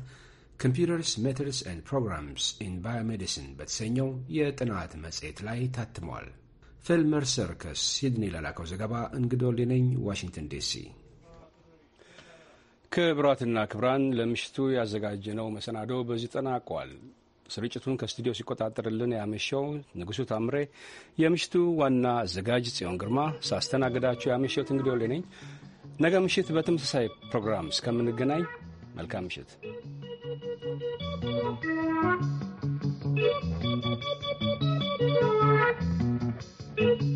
ኮምፒውተርስ ሜተድስ ኤንድ ፕሮግራምስ ኢን ባዮሜዲሲን በተሰኘው የጥናት መጽሔት ላይ ታትሟል። ፊልመር ሰርከስ ሲድኒ ለላከው ዘገባ እንግዶል ነኝ። ዋሽንግተን ዲሲ። ክብራትና ክብራን ለምሽቱ ያዘጋጀነው መሰናዶ በዚህ ጠናቋል። ስርጭቱን ከስቱዲዮ ሲቆጣጠርልን ያመሸው ንጉሱ ታምሬ፣ የምሽቱ ዋና አዘጋጅ ጽዮን ግርማ፣ ሳስተናግዳችሁ ያመሸሁት እንግዶል ነኝ። ነገ ምሽት በተመሳሳይ ፕሮግራም እስከምንገናኝ መልካም ምሽት። thank you